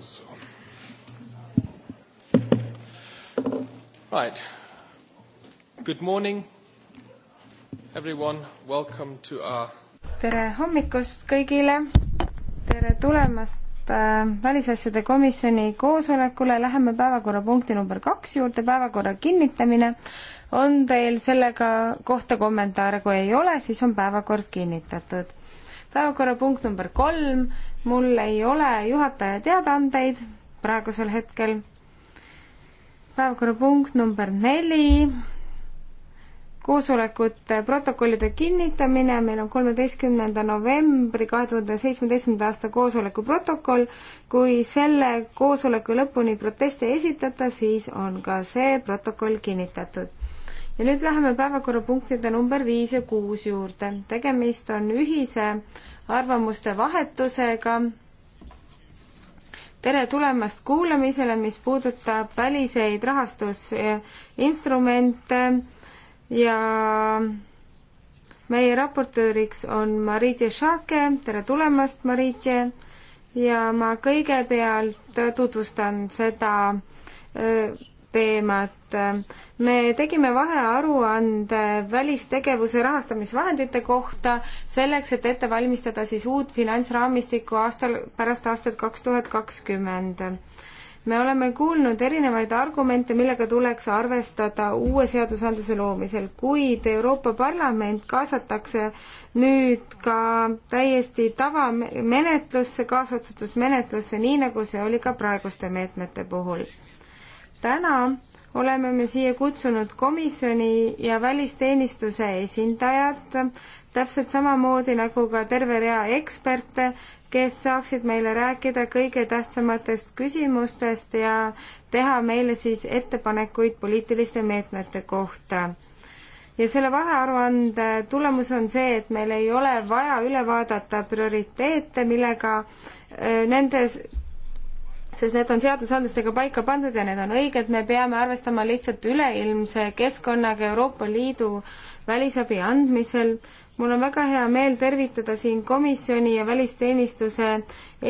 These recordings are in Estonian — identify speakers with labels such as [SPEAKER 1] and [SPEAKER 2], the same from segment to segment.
[SPEAKER 1] So. Right. Good morning, everyone. Welcome to our
[SPEAKER 2] tere hommikust kõigile! tere tulemast äh, Välisasjade komisjoni koosolekule, läheme päevakorrapunkti number kaks juurde, päevakorra kinnitamine. on teil sellega kohta kommentaare, kui ei ole, siis on päevakord kinnitatud päevakorrapunkt number kolm, mul ei ole juhataja teadaandeid praegusel hetkel. päevakorrapunkt number neli, koosolekute protokollide kinnitamine, meil on kolmeteistkümnenda novembri kahe tuhande seitsmeteistkümnenda aasta koosoleku protokoll. kui selle koosoleku lõpuni proteste ei esitata, siis on ka see protokoll kinnitatud ja nüüd läheme päevakorrapunktide number viis ja kuus juurde. tegemist on ühise arvamuste vahetusega. tere tulemast kuulamisele, mis puudutab väliseid rahastusinstrumente ja meie raportööriks on Maritje Šake, tere tulemast, Maritje, ja ma kõigepealt tutvustan seda äh, teemat Äh, me tegime vahearuande välistegevuse rahastamisvahendite kohta selleks, et ette valmistada siis uut finantsraamistikku aastal, pärast aastat kaks tuhat kakskümmend me oleme kuulnud erinevaid argumente, millega tuleks arvestada uue seadusandluse loomisel, kuid Euroopa Parlament kaasatakse nüüd ka täiesti tavamenetlusse, kaasotsustusmenetlusse, nii nagu see oli ka praeguste meetmete puhul. täna oleme me siia kutsunud komisjoni ja välisteenistuse esindajad, täpselt samamoodi nagu ka terve rea eksperte, kes saaksid meile rääkida kõige tähtsamatest küsimustest ja teha meile siis ettepanekuid poliitiliste meetmete kohta. ja selle vahearuande tulemus on see, et meil ei ole vaja üle vaadata prioriteete, millega äh, nendes sest need on seadusandlustega paika pandud ja need on õiged, me peame arvestama lihtsalt üleilmse keskkonnaga Euroopa Liidu välisabi andmisel. mul on väga hea meel tervitada siin komisjoni ja välisteenistuse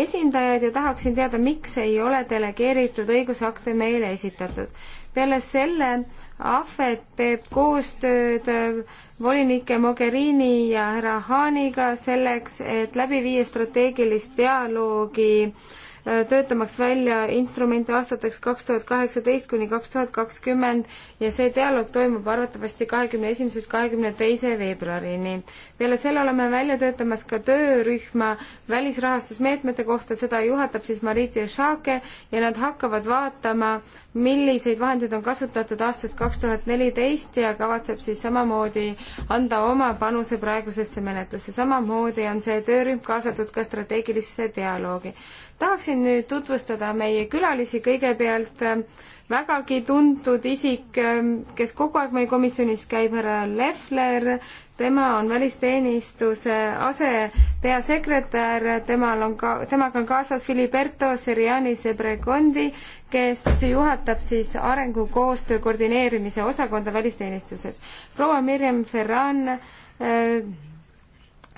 [SPEAKER 2] esindajaid ja tahaksin teada, miks ei ole delegeeritud õigusakte meile esitatud. peale selle Ahvet teeb koostööd volinike Mogherini ja härra Haaniga selleks, et läbi viia strateegilist dialoogi äh, Äh, töötamaks välja instrumente aastateks kaks tuhat kaheksateist kuni kaks tuhat kakskümmend ja see dialoog toimub arvatavasti kahekümne esimesest kahekümne teise veebruarini. peale selle oleme välja töötamas ka töörühma välisrahastusmeetmete kohta, seda juhatab siis Marit Jašake ja nad hakkavad vaatama milliseid vahendeid on kasutatud aastast kaks tuhat neliteist ja kavatseb siis samamoodi anda oma panuse praegusesse menetlusse. samamoodi on see töörühm kaasatud ka strateegilisse dialoogi. tahaksin nüüd tutvustada meie külalisi, kõigepealt äh, vägagi tuntud isik, äh, kes kogu aeg meie komisjonis käib, härra Lefler, tema on välisteenistuse asepeasekretär, temal on ka, temaga on kaasas Filiberto Seriani Sebregondi, kes juhatab siis arengukoostöö koordineerimise osakonda välisteenistuses. proua Mirjam Ferran äh,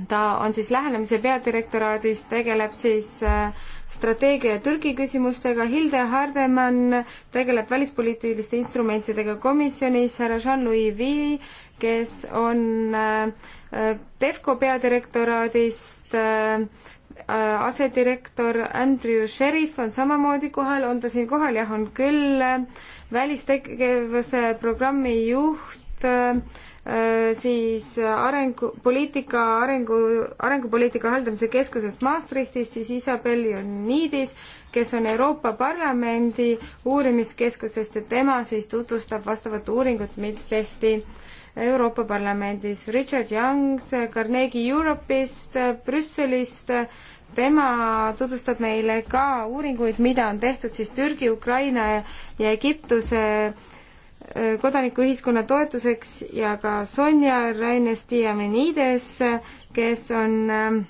[SPEAKER 2] ta on siis lähenemise peadirektoraadis, tegeleb siis äh, strateegia ja Türgi küsimustega, Hilde Hardemann tegeleb välispoliitiliste instrumentidega komisjonis, härra Jean-Louis Vii kes on Pevco äh, peadirektoraadist äh, äh, asedirektor Andrew Sheriff on samamoodi kohal, on ta siin kohal, jah, on küll, välistegevuse programmi juht, siis arengu, poliitika arengu, arengupoliitika haldamise keskusest Maastrichtist, siis Isabel Jonidis, kes on Euroopa Parlamendi uurimiskeskusest ja tema siis tutvustab vastavat uuringut, mis tehti äh, Euroopa Parlamendis, Richard Youngs Carnegie Europe'ist, Brüsselist, tema tutvustab meile ka uuringuid, mida on tehtud siis Türgi, Ukraina ja Egiptuse äh, kodanikuühiskonna toetuseks ja ka Sonja Raines-Diamenides, kes on äh,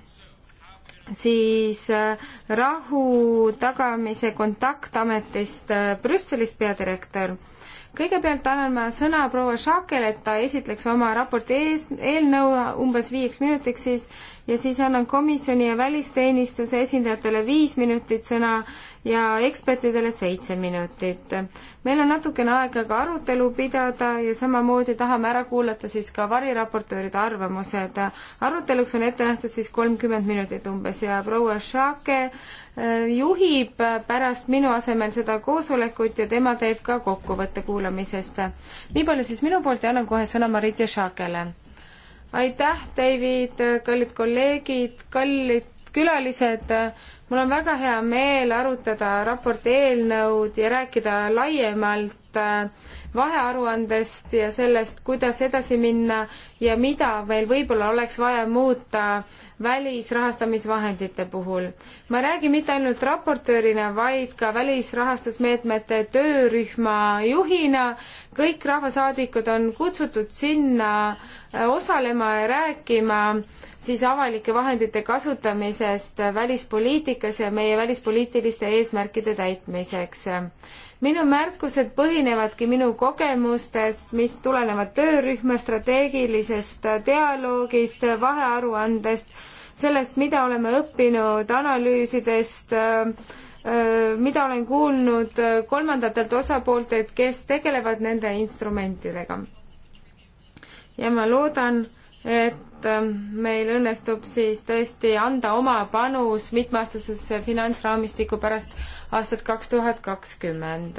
[SPEAKER 2] siis äh, rahu tagamise kontaktametist Brüsselist peadirektor kõigepealt annan ma sõna proua Šakel, et ta esitleks oma raporti ees, eelnõu umbes viieks minutiks siis ja siis annan komisjoni ja välisteenistuse esindajatele viis minutit sõna ja ekspertidele seitse minutit. meil on natukene aega ka arutelu pidada ja samamoodi tahame ära kuulata siis ka variraportööride arvamused. aruteluks on ette nähtud siis kolmkümmend minutit umbes ja proua Šake äh, juhib pärast minu asemel seda koosolekut ja tema teeb ka kokkuvõtte kuulamisest. nii palju siis minu poolt ja annan kohe sõna Marit Jašakele aitäh, David, kallid kolleegid, kallid külalised, mul on väga hea meel arutada raporti eelnõud ja rääkida laiemalt Äh, vahearuandest ja sellest, kuidas edasi minna ja mida veel võib-olla oleks vaja muuta välisrahastamisvahendite puhul. ma ei räägi mitte ainult raportöörina, vaid ka välisrahastusmeetmete töörühma juhina. kõik rahvasaadikud on kutsutud sinna äh, osalema ja rääkima siis avalike vahendite kasutamisest välispoliitikas ja meie välispoliitiliste eesmärkide täitmiseks minu märkused põhinevadki minu kogemustest, mis tulenevad töörühma strateegilisest dialoogist, vahearuandest, sellest, mida oleme õppinud analüüsidest, mida olen kuulnud kolmandatelt osapooltelt, kes tegelevad nende instrumentidega. ja ma loodan, et et ähm, meil õnnestub siis tõesti anda oma panus mitmeaastasesse finantsraamistikku pärast aastat kaks tuhat kakskümmend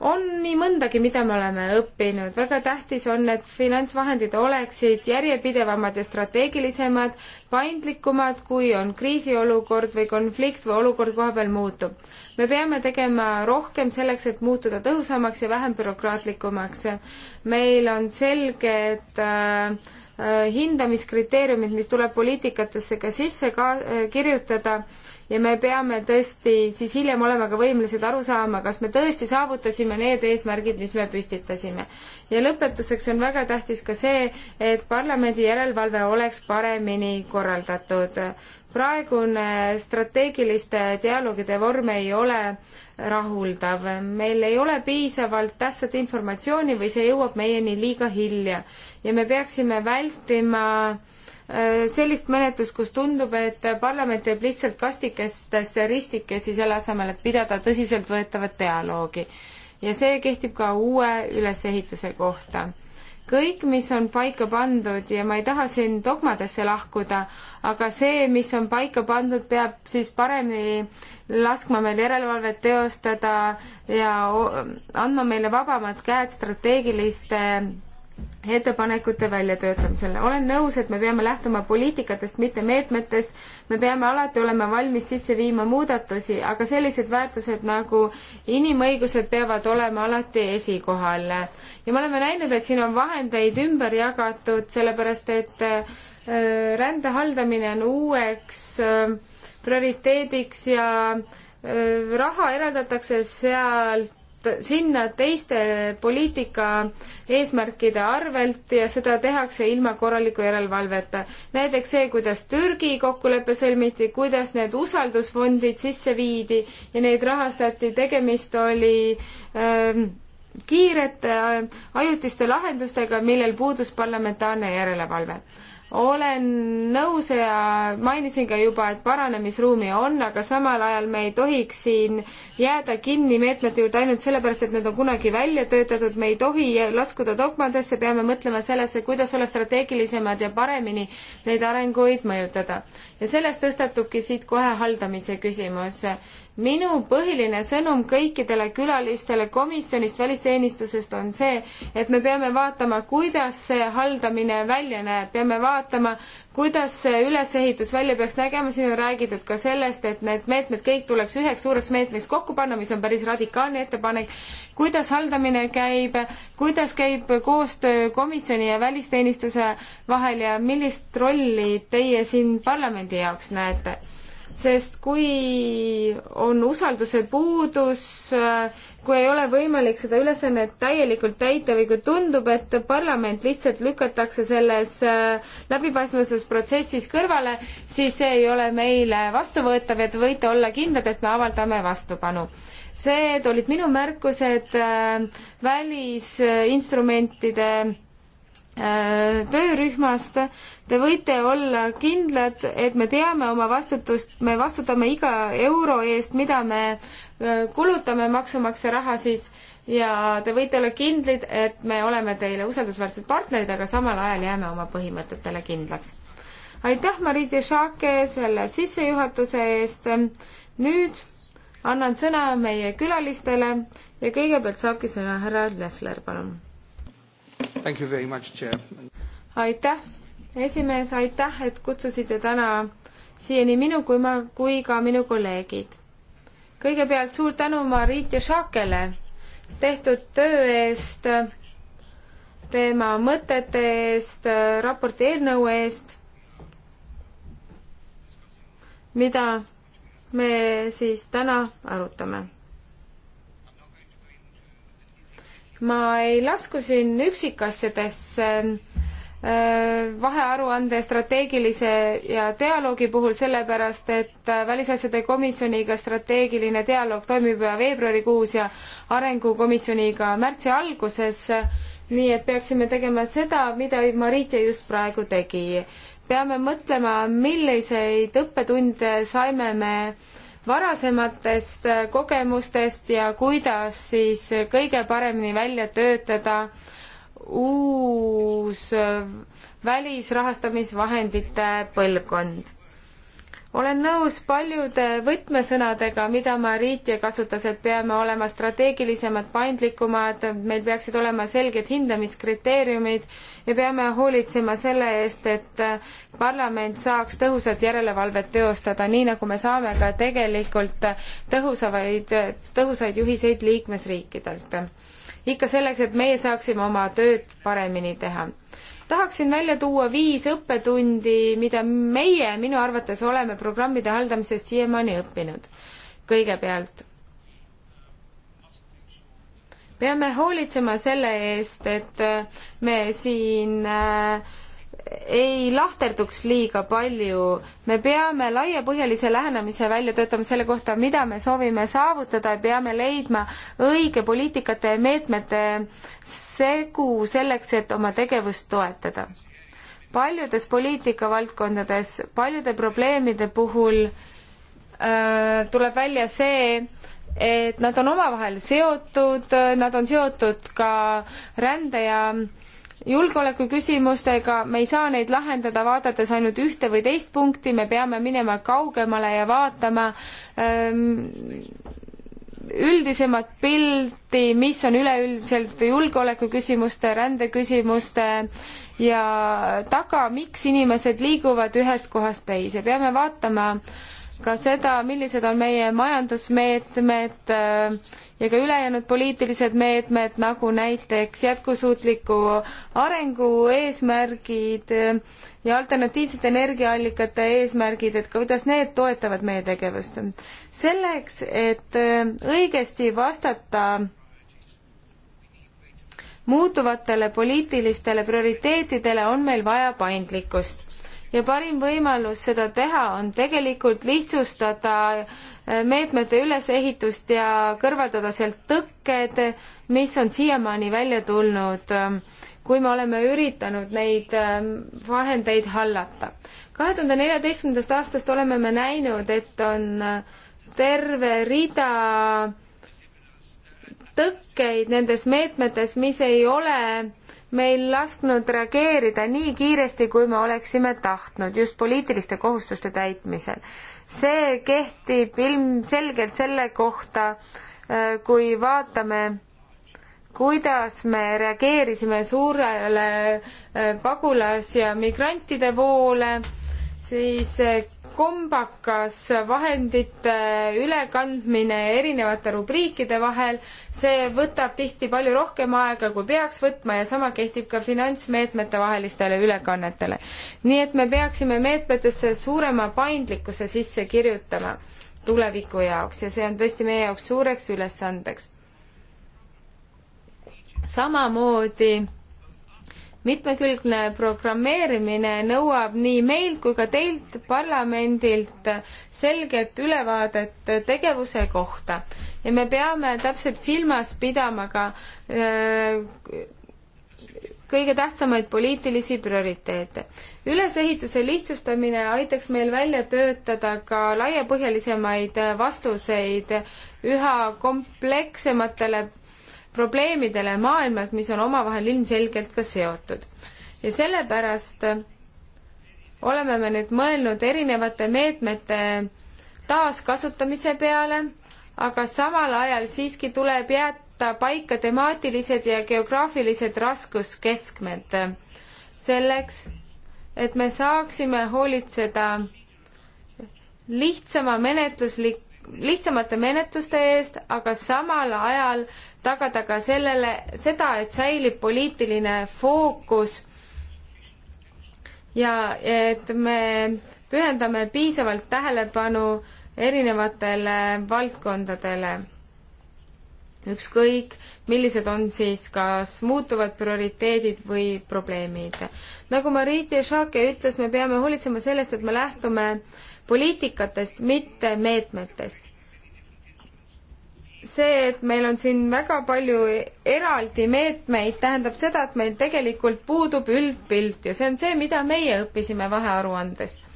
[SPEAKER 2] on nii mõndagi, mida me oleme õppinud, väga tähtis on, et finantsvahendid oleksid järjepidevamad ja strateegilisemad, paindlikumad, kui on kriisiolukord või konflikt või olukord koha peal muutub. me peame tegema rohkem selleks, et muutuda tõhusamaks ja vähem bürokraatlikumaks. meil on selged äh, hindamiskriteeriumid, mis tuleb poliitikatesse ka sisse ka äh, kirjutada ja me peame tõesti siis hiljem olema ka võimelised aru saama, kas me tõesti saavutasime need eesmärgid, mis me püstitasime. ja lõpetuseks on väga tähtis ka see, et parlamendi järelevalve oleks paremini korraldatud. praegune strateegiliste dialoogide vorm ei ole rahuldav, meil ei ole piisavalt tähtsat informatsiooni või see jõuab meieni liiga hilja ja me peaksime vältima äh, sellist menetlust, kus tundub, et parlament teeb lihtsalt kastikestesse ristikesi selle asemel, et pidada tõsiseltvõetavat dialoogi. ja see kehtib ka uue ülesehituse kohta kõik, mis on paika pandud ja ma ei taha siin dogmadesse lahkuda, aga see, mis on paika pandud, peab siis paremini laskma meil järelevalvet teostada ja andma meile vabamad käed strateegiliste ettepanekute väljatöötamisel. olen nõus, et me peame lähtuma poliitikatest, mitte meetmetest. me peame alati olema valmis sisse viima muudatusi, aga sellised väärtused nagu inimõigused peavad olema alati esikohal. ja me oleme näinud, et siin on vahendeid ümber jagatud, sellepärast et äh, rände haldamine on uueks äh, prioriteediks ja äh, raha eraldatakse sealt sinna teiste poliitika eesmärkide arvelt ja seda tehakse ilma korraliku järelevalveta. näiteks see, kuidas Türgi kokkulepe sõlmiti, kuidas need usaldusfondid sisse viidi ja neid rahastati, tegemist oli ähm, kiirete äh, ajutiste lahendustega, millel puudus parlamentaarne järelevalve olen nõus ja mainisin ka juba, et paranemisruumi on, aga samal ajal me ei tohiks siin jääda kinni meetmete juurde ainult sellepärast, et need on kunagi välja töötatud, me ei tohi laskuda dogmadesse, peame mõtlema sellesse, kuidas olla strateegilisemad ja paremini neid arenguid mõjutada. ja sellest tõstatubki siit kohe haldamise küsimus minu põhiline sõnum kõikidele külalistele komisjonist, välisteenistusest on see, et me peame vaatama, kuidas see haldamine välja näeb, peame vaatama, kuidas see ülesehitus välja peaks nägema, siin on räägitud ka sellest, et need meetmed kõik tuleks üheks suureks meetmeks kokku panna, mis on päris radikaalne ettepanek, kuidas haldamine käib, kuidas käib koostöö komisjoni ja välisteenistuse vahel ja millist rolli teie siin parlamendi jaoks näete sest kui on usalduse puudus, kui ei ole võimalik seda ülesannet täielikult täita või kui tundub, et parlament lihtsalt lükatakse selles äh, läbipaistvusprotsessis kõrvale, siis see ei ole meile vastuvõetav ja te võite olla kindlad, et me avaldame vastupanu. see olid minu märkused äh, välisinstrumentide Äh, töörühmast, te võite olla kindlad, et me teame oma vastutust, me vastutame iga euro eest, mida me äh, kulutame maksumaksja raha siis ja te võite olla kindlid, et me oleme teile usaldusväärsed partnerid, aga samal ajal jääme oma põhimõtetele kindlaks. aitäh, Marit Jašake, selle sissejuhatuse eest. nüüd annan sõna meie külalistele ja kõigepealt saabki sõna härra Lehler, palun aitäh, esimees, aitäh, et kutsusite täna siia nii minu kui ma, kui ka minu kolleegid. kõigepealt suur tänu Marit ja Šakele tehtud töö eest, tema mõtete eest, raporti eelnõu eest, mida me siis täna arutame ma ei lasku siin üksikasjadesse äh, vahearuande strateegilise ja dialoogi puhul, sellepärast et äh, Välisasjade komisjoniga strateegiline dialoog toimib veebruarikuus ja Arengukomisjoniga märtsi alguses, nii et peaksime tegema seda, mida Marite just praegu tegi. peame mõtlema, milliseid õppetunde saime me äh, varasematest äh, kogemustest ja kuidas siis kõige paremini välja töötada uus äh, välisrahastamisvahendite põlvkond olen nõus paljude võtmesõnadega, mida Marietje kasutas, et peame olema strateegilisemad, paindlikumad, meil peaksid olema selged hindamiskriteeriumid ja peame hoolitsema selle eest, et parlament saaks tõhusat järelevalvet teostada, nii nagu me saame ka tegelikult tõhusavaid, tõhusaid juhiseid liikmesriikidelt. ikka selleks, et meie saaksime oma tööd paremini teha tahaksin välja tuua viis õppetundi, mida meie minu arvates oleme programmide haldamisest siiamaani õppinud. kõigepealt peame hoolitsema selle eest, et me siin äh, ei lahterduks liiga palju. me peame laiapõhjalise lähenemise välja töötama selle kohta, mida me soovime saavutada ja peame leidma õige poliitikate ja meetmete segu selleks, et oma tegevust toetada. paljudes poliitikavaldkondades, paljude probleemide puhul öö, äh, tuleb välja see, et nad on omavahel seotud, nad on seotud ka rände ja julgeoleku küsimustega, me ei saa neid lahendada vaadates ainult ühte või teist punkti, me peame minema kaugemale ja vaatama ähm, üldisemat pilti, mis on üleüldiselt julgeolekuküsimuste, rändeküsimuste ja taga, miks inimesed liiguvad ühest kohast teise. peame vaatama äh, ka seda, millised on meie majandusmeetmed äh, ja ka ülejäänud poliitilised meetmed, nagu näiteks jätkusuutliku arengu eesmärgid äh, ja alternatiivsete energiaallikate eesmärgid, et kuidas need toetavad meie tegevust. selleks, et äh, õigesti vastata muutuvatele poliitilistele prioriteetidele, on meil vaja paindlikkust ja parim võimalus seda teha on tegelikult lihtsustada äh, meetmete ülesehitust ja kõrvaldada sealt tõkked, mis on siiamaani välja tulnud, ähm, kui me oleme üritanud neid ähm, vahendeid hallata. kahe tuhande neljateistkümnendast aastast oleme me näinud, et on äh, terve rida tõkkeid nendes meetmetes, mis ei ole meil lasknud reageerida nii kiiresti, kui me oleksime tahtnud just poliitiliste kohustuste täitmisel. see kehtib ilmselgelt selle kohta, äh, kui vaatame, kuidas me reageerisime suurele äh, pagulas- ja migrantide voole, siis äh, kombakas vahendite ülekandmine erinevate rubriikide vahel, see võtab tihti palju rohkem aega, kui peaks võtma ja sama kehtib ka finantsmeetmete vahelistele ülekannetele. nii et me peaksime meetmetesse suurema paindlikkuse sisse kirjutama tuleviku jaoks ja see on tõesti meie jaoks suureks ülesandeks. samamoodi mitmekülgne programmeerimine nõuab nii meilt kui ka teilt parlamendilt selget ülevaadet tegevuse kohta ja me peame täpselt silmas pidama ka öö, äh, kõige tähtsamaid poliitilisi prioriteete. ülesehituse lihtsustamine aitaks meil välja töötada ka laiapõhjalisemaid vastuseid üha komplekssematele probleemidele maailmas, mis on omavahel ilmselgelt ka seotud. ja sellepärast oleme me nüüd mõelnud erinevate meetmete taaskasutamise peale, aga samal ajal siiski tuleb jätta paika temaatilised ja geograafilised raskuskeskmed selleks, et me saaksime hoolitseda lihtsama menetluslik lihtsamate menetluste eest, aga samal ajal tagada ka sellele, seda, et säilib poliitiline fookus ja et me pühendame piisavalt tähelepanu erinevatele valdkondadele. ükskõik, millised on siis kas muutuvad prioriteedid või probleemid. nagu Marit Jašake ütles, me peame hoolitsema sellest, et me lähtume äh, poliitikatest, mitte meetmetest. see, et meil on siin väga palju eraldi meetmeid, tähendab seda, et meil tegelikult puudub üldpilt ja see on see, mida meie õppisime vahearuandest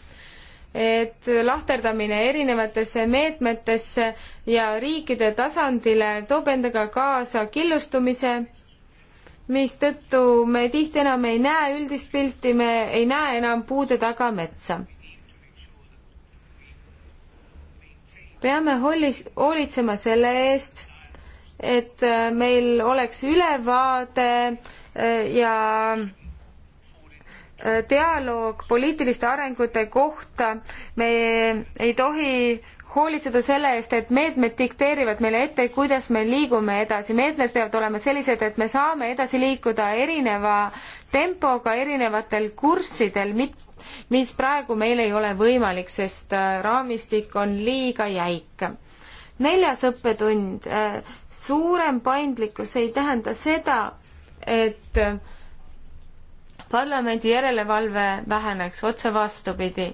[SPEAKER 2] et lahterdamine erinevatesse meetmetesse ja riikide tasandile toob endaga kaasa killustumise, mistõttu me tihti enam ei näe üldist pilti, me ei näe enam puude taga metsa. peame hollis, hoolitsema selle eest, et äh, meil oleks ülevaade äh, ja äh, dialoog poliitiliste arengute kohta, me ei tohi hoolitseda selle eest, et meetmed dikteerivad meile ette, kuidas me liigume edasi, meetmed peavad olema sellised, et me saame edasi liikuda erineva tempoga erinevatel kurssidel, mis praegu meil ei ole võimalik, sest äh, raamistik on liiga jäik. neljas õppetund, äh, suurem paindlikkus ei tähenda seda, et äh, parlamendi järelevalve väheneks, otse vastupidi.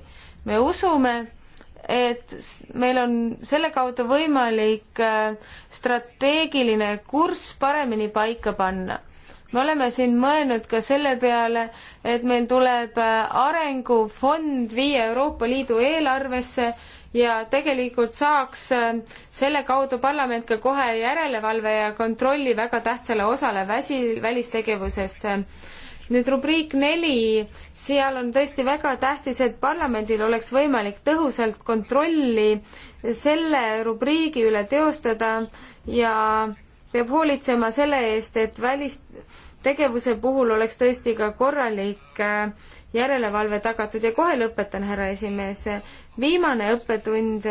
[SPEAKER 2] me usume, et meil on selle kaudu võimalik strateegiline kurss paremini paika panna me oleme siin mõelnud ka selle peale, et meil tuleb äh, arengufond viia Euroopa Liidu eelarvesse ja tegelikult saaks äh, selle kaudu parlament ka kohe järelevalve ja kontrolli väga tähtsale osale väsi, välistegevusest. nüüd rubriik neli, seal on tõesti väga tähtis, et parlamendil oleks võimalik tõhusalt kontrolli selle rubriigi üle teostada ja peab hoolitsema selle eest, et välist tegevuse puhul oleks tõesti ka korralik äh, järelevalve tagatud ja kohe lõpetan, härra esimees. viimane õppetund,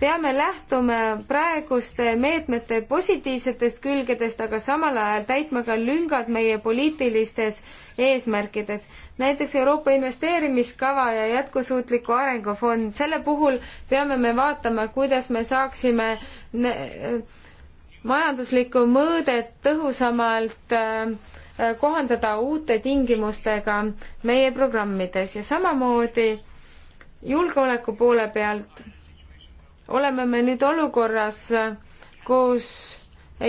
[SPEAKER 2] peame lähtuma praeguste meetmete positiivsetest külgedest, aga samal ajal täitma ka lüngad meie poliitilistes eesmärkides. näiteks Euroopa Investeerimiskava ja Jätkusuutliku Arengufond, selle puhul peame me vaatama, kuidas me saaksime äh, majanduslikku mõõdet tõhusamalt äh, Äh, kohandada uute tingimustega meie programmides ja samamoodi julgeoleku poole pealt oleme me nüüd olukorras, kus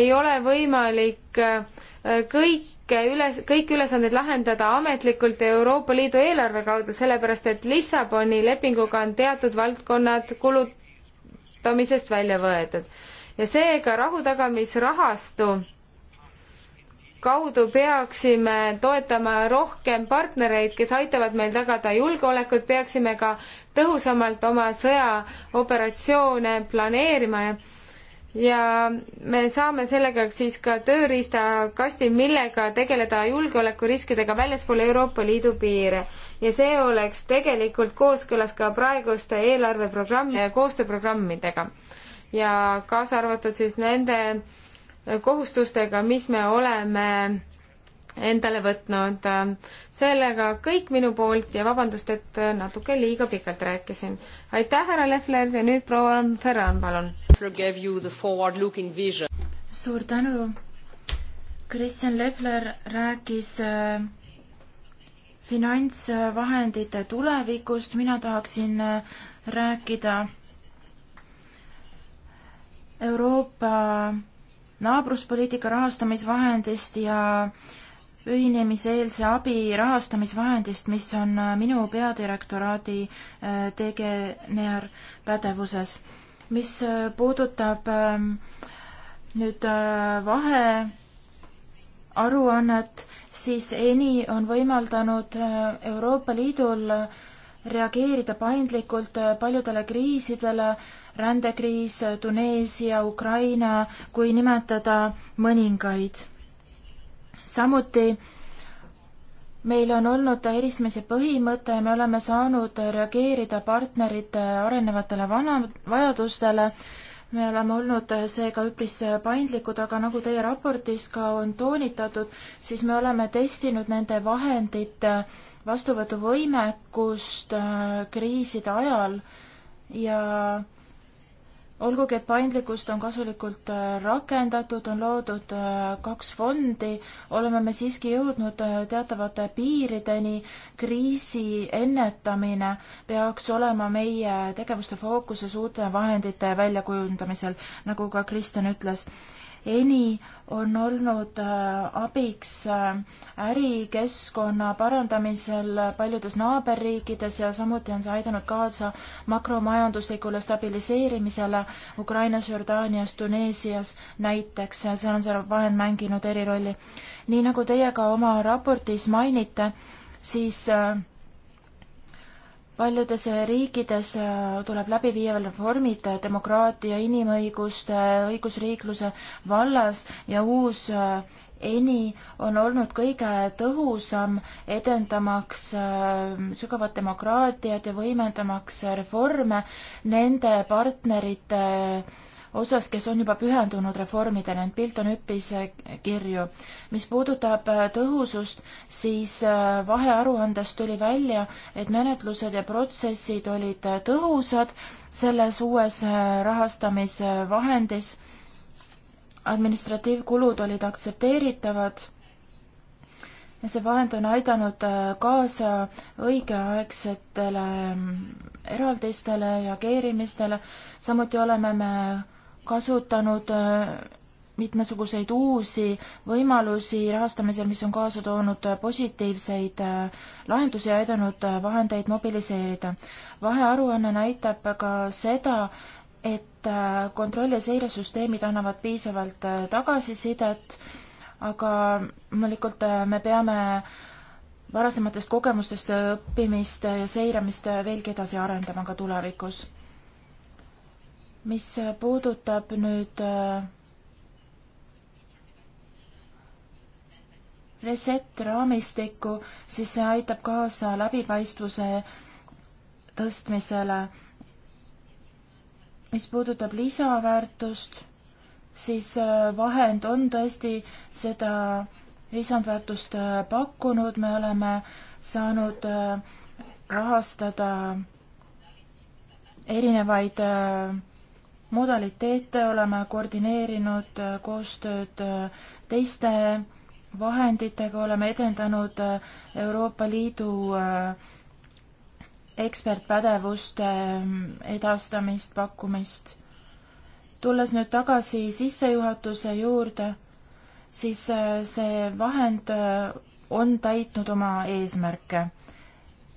[SPEAKER 2] ei ole võimalik äh, kõike üles, kõiki ülesandeid lahendada ametlikult Euroopa Liidu eelarve kaudu, sellepärast et Lissaboni lepinguga on teatud valdkonnad kulutamisest välja võetud. ja seega rahutagamisrahastu kaudu peaksime toetama rohkem partnereid, kes aitavad meil tagada julgeolekut, peaksime ka tõhusamalt oma sõjaoperatsioone planeerima ja ja me saame sellega siis ka tööriistakasti, millega tegeleda julgeolekuriskidega väljaspool Euroopa Liidu piire. ja see oleks tegelikult kooskõlas ka praeguste eelarveprogrammi ja koostööprogrammidega. ja kaasa arvatud siis nende äh, kohustustega, mis me oleme endale võtnud. sellega kõik minu poolt ja vabandust, et natuke liiga pikalt rääkisin. aitäh, härra Lehler ja nüüd proua Ferran, palun.
[SPEAKER 3] suur tänu. Kristjan Lehler rääkis äh, finantsvahendite tulevikust, mina tahaksin äh, rääkida Euroopa äh, naabruspoliitika rahastamisvahendist ja ühinemiseelse abi rahastamisvahendist, mis on äh, minu peadirektoraadi äh, tegeneer pädevuses. mis äh, puudutab ähm, nüüd vahearuannet, siis ENI on võimaldanud Euroopa Liidul reageerida paindlikult paljudele kriisidele, rändekriis, Tuneesia, Ukraina, kui nimetada mõningaid. samuti meil on olnud eristamise põhimõte ja me oleme saanud reageerida partnerite arenevatele vana, vajadustele. me oleme olnud seega üpris paindlikud, aga nagu teie raportis ka on toonitatud, siis me oleme testinud nende vahendite vastuvõtuvõimekust äh, kriiside ajal ja olgugi, et paindlikkust on kasulikult äh, rakendatud, on loodud äh, kaks fondi, oleme me siiski jõudnud äh, teatavate piirideni. kriisi ennetamine peaks olema meie tegevuste fookuses uute vahendite väljakujundamisel, nagu ka Kristjan ütles eni on olnud äh, abiks äh, ärikeskkonna parandamisel paljudes naaberriikides ja samuti on see aidanud kaasa makromajanduslikule stabiliseerimisele Ukrainas, Jordaanias, Tuneesias näiteks, seal on see vahend mänginud erirolli. nii nagu teie ka oma raportis mainite, siis äh, paljudes riikides äh, tuleb läbi viia reformid äh, demokraatia, inimõiguste, õigusriikluse vallas ja uus äh, ENI on olnud kõige tõhusam edendamaks sügavat demokraatiat ja võimendamaks reforme nende partnerite osas, kes on juba pühendunud reformidele, et pilt on üpris äh, kirju. mis puudutab äh, tõhusust, siis äh, vahearuandes tuli välja, et menetlused ja protsessid olid tõhusad selles uues rahastamisvahendis. administratiivkulud olid aktsepteeritavad ja see vahend on aidanud kaasa õigeaegsetele mm, eraldistele, reageerimistele, samuti oleme me kasutanud äh, mitmesuguseid uusi võimalusi rahastamisel, mis on kaasa toonud äh, positiivseid äh, lahendusi ja aidanud vahendeid mobiliseerida. vahearuanne näitab ka seda, et kontrolli- ja seiresüsteemid annavad piisavalt tagasisidet, aga loomulikult me peame varasematest kogemustest õppimist ja seiramist veelgi edasi arendama ka tulevikus mis puudutab nüüd äh, reset raamistikku, siis see aitab kaasa läbipaistvuse tõstmisele. mis puudutab lisaväärtust, siis äh, vahend on tõesti seda lisandväärtust äh, pakkunud, me oleme saanud rahastada erinevaid äh, modaliteete, oleme koordineerinud äh, koostööd äh, teiste vahenditega, oleme edendanud äh, Euroopa Liidu ekspertpädevuste edastamist, pakkumist. tulles nüüd tagasi sissejuhatuse juurde, siis see vahend on täitnud oma eesmärke.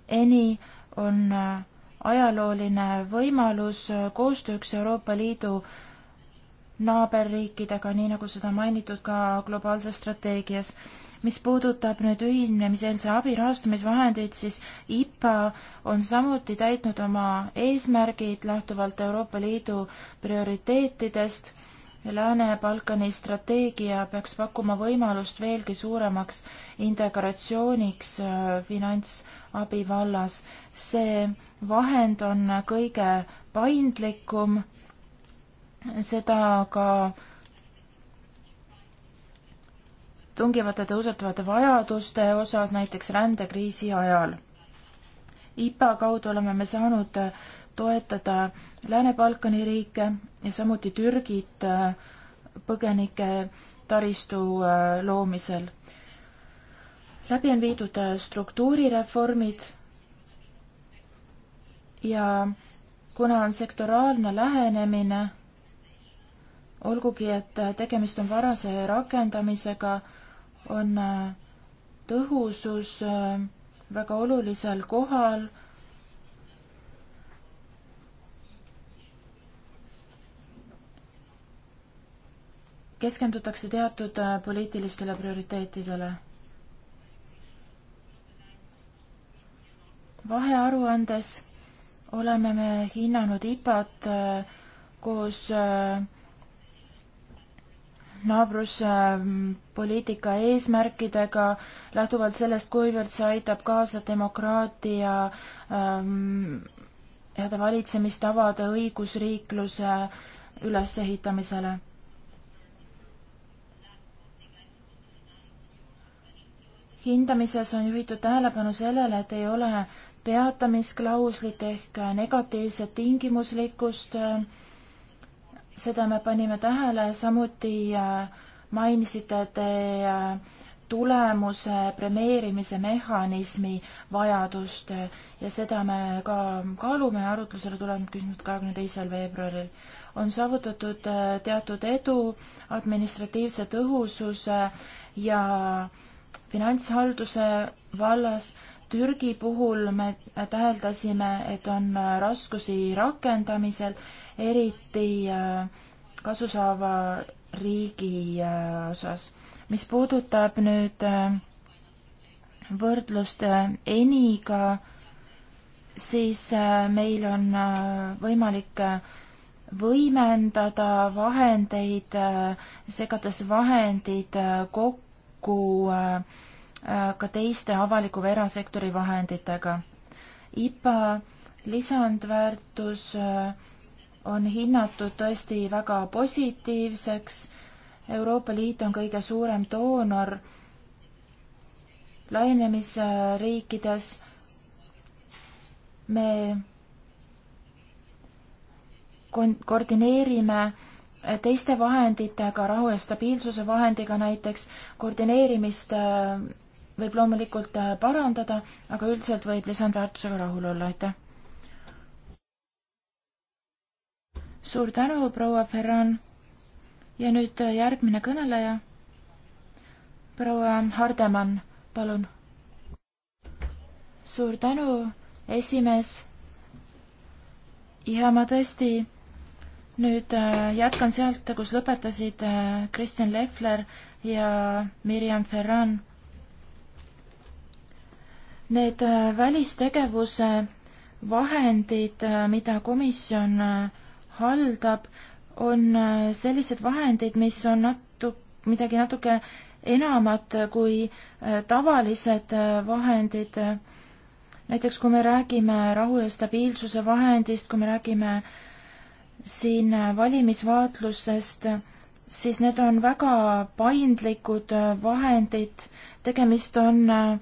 [SPEAKER 3] ENI on äh, ajalooline võimalus koostööks Euroopa Liidu naaberriikidega, nii nagu seda mainitud ka globaalses strateegias. mis puudutab nüüd ühinemiseelse abi rahastamisvahendeid, siis IPA on samuti täitnud oma eesmärgid lähtuvalt Euroopa Liidu prioriteetidest. Lääne-Balkani strateegia peaks pakkuma võimalust veelgi suuremaks integratsiooniks äh, finantsabi vallas. see vahend on kõige paindlikum, seda ka tungivate tõusetavate vajaduste osas, näiteks rändekriisi ajal. IPA kaudu oleme me saanud toetada Lääne-Balkani riike ja samuti Türgit äh, põgenike taristu äh, loomisel. läbi on viidud äh, struktuurireformid ja kuna on sektoraalne lähenemine, olgugi et tegemist on varase rakendamisega, on äh, tõhusus äh, väga olulisel kohal. keskendutakse teatud äh, poliitilistele prioriteetidele. vahearuandes oleme me hinnanud IPA-t äh, koos äh, naabruspoliitika äh, eesmärkidega, lähtuvalt sellest, kuivõrd see aitab kaasa demokraatia ähm, heade valitsemistavade õigusriikluse ülesehitamisele. hindamises on juhitud tähelepanu sellele, et ei ole peatamisklauslit ehk negatiivset tingimuslikkust, seda me panime tähele, samuti äh, mainisite te äh, tulemuse premeerimise mehhanismi vajadust ja seda me ka kaalume ja arutlusele tulenud küsimused kahekümne teisel veebruaril. on saavutatud äh, teatud edu administratiivse tõhususe ja finantshalduse vallas Türgi puhul me täheldasime, et on äh, raskusi rakendamisel, eriti äh, kasusaava riigi äh, osas. mis puudutab nüüd võrdlust ENI-ga, siis meil on võimalik võimendada vahendeid, segades vahendid kokku äh, Äh, ka teiste avaliku või erasektori vahenditega. IPA lisandväärtus äh, on hinnatud tõesti väga positiivseks. Euroopa Liit on kõige suurem doonor lainemisriikides. me kon-, koordineerime teiste vahenditega, rahu ja stabiilsuse vahendiga näiteks, koordineerimist äh, võib loomulikult äh, parandada, aga üldiselt võib lisandväärtusega rahul olla, aitäh. suur tänu, proua Ferran. ja nüüd äh, järgmine kõneleja. proua Hardemann, palun. suur tänu, esimees. ja ma tõesti nüüd äh, jätkan sealt, kus lõpetasid Kristjan Lehler ja Mirjam Ferran Need äh, välistegevuse vahendid, äh, mida komisjon äh, haldab, on sellised vahendid, mis on natu-, midagi natuke enamat kui tavalised vahendid. näiteks kui me räägime rahu ja stabiilsuse vahendist, kui me räägime siin valimisvaatlusest, siis need on väga paindlikud vahendid, tegemist on äh,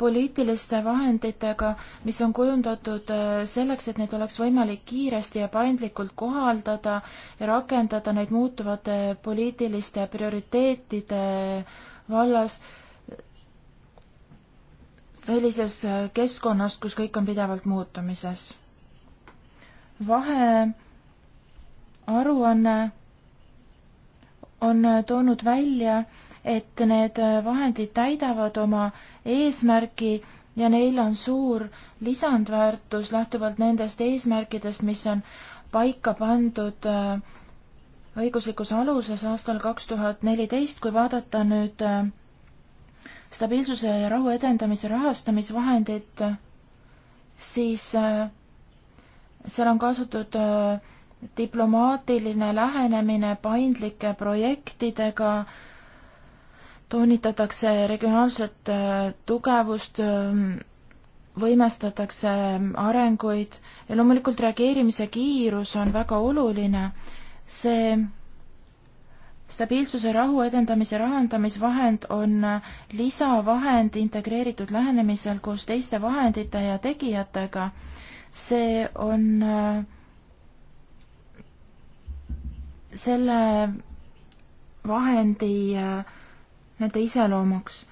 [SPEAKER 3] poliitiliste vahenditega, mis on kujundatud äh, selleks, et neid oleks võimalik kiiresti ja paindlikult kohaldada ja rakendada neid muutuvate poliitiliste prioriteetide vallas sellises äh, keskkonnas, kus kõik on pidevalt muutumises. vahearuanne on äh, toonud välja, et need vahendid täidavad oma eesmärki ja neil on suur lisandväärtus lähtuvalt nendest eesmärkidest, mis on paika pandud äh, õiguslikus aluses aastal kaks tuhat neliteist, kui vaadata nüüd äh, stabiilsuse ja rahu edendamise rahastamisvahendit, siis äh, seal on kaasatud diplomaatiline lähenemine paindlike projektidega äh, toonitatakse regionaalset äh, tugevust, ähm, võimestatakse ähm, arenguid ja loomulikult reageerimise kiirus on väga oluline. see stabiilsuse, rahu edendamise, rahandamisvahend on äh, lisavahend integreeritud lähenemisel koos teiste vahendite ja tegijatega. see on äh, selle vahendi äh, nende iseloomuks.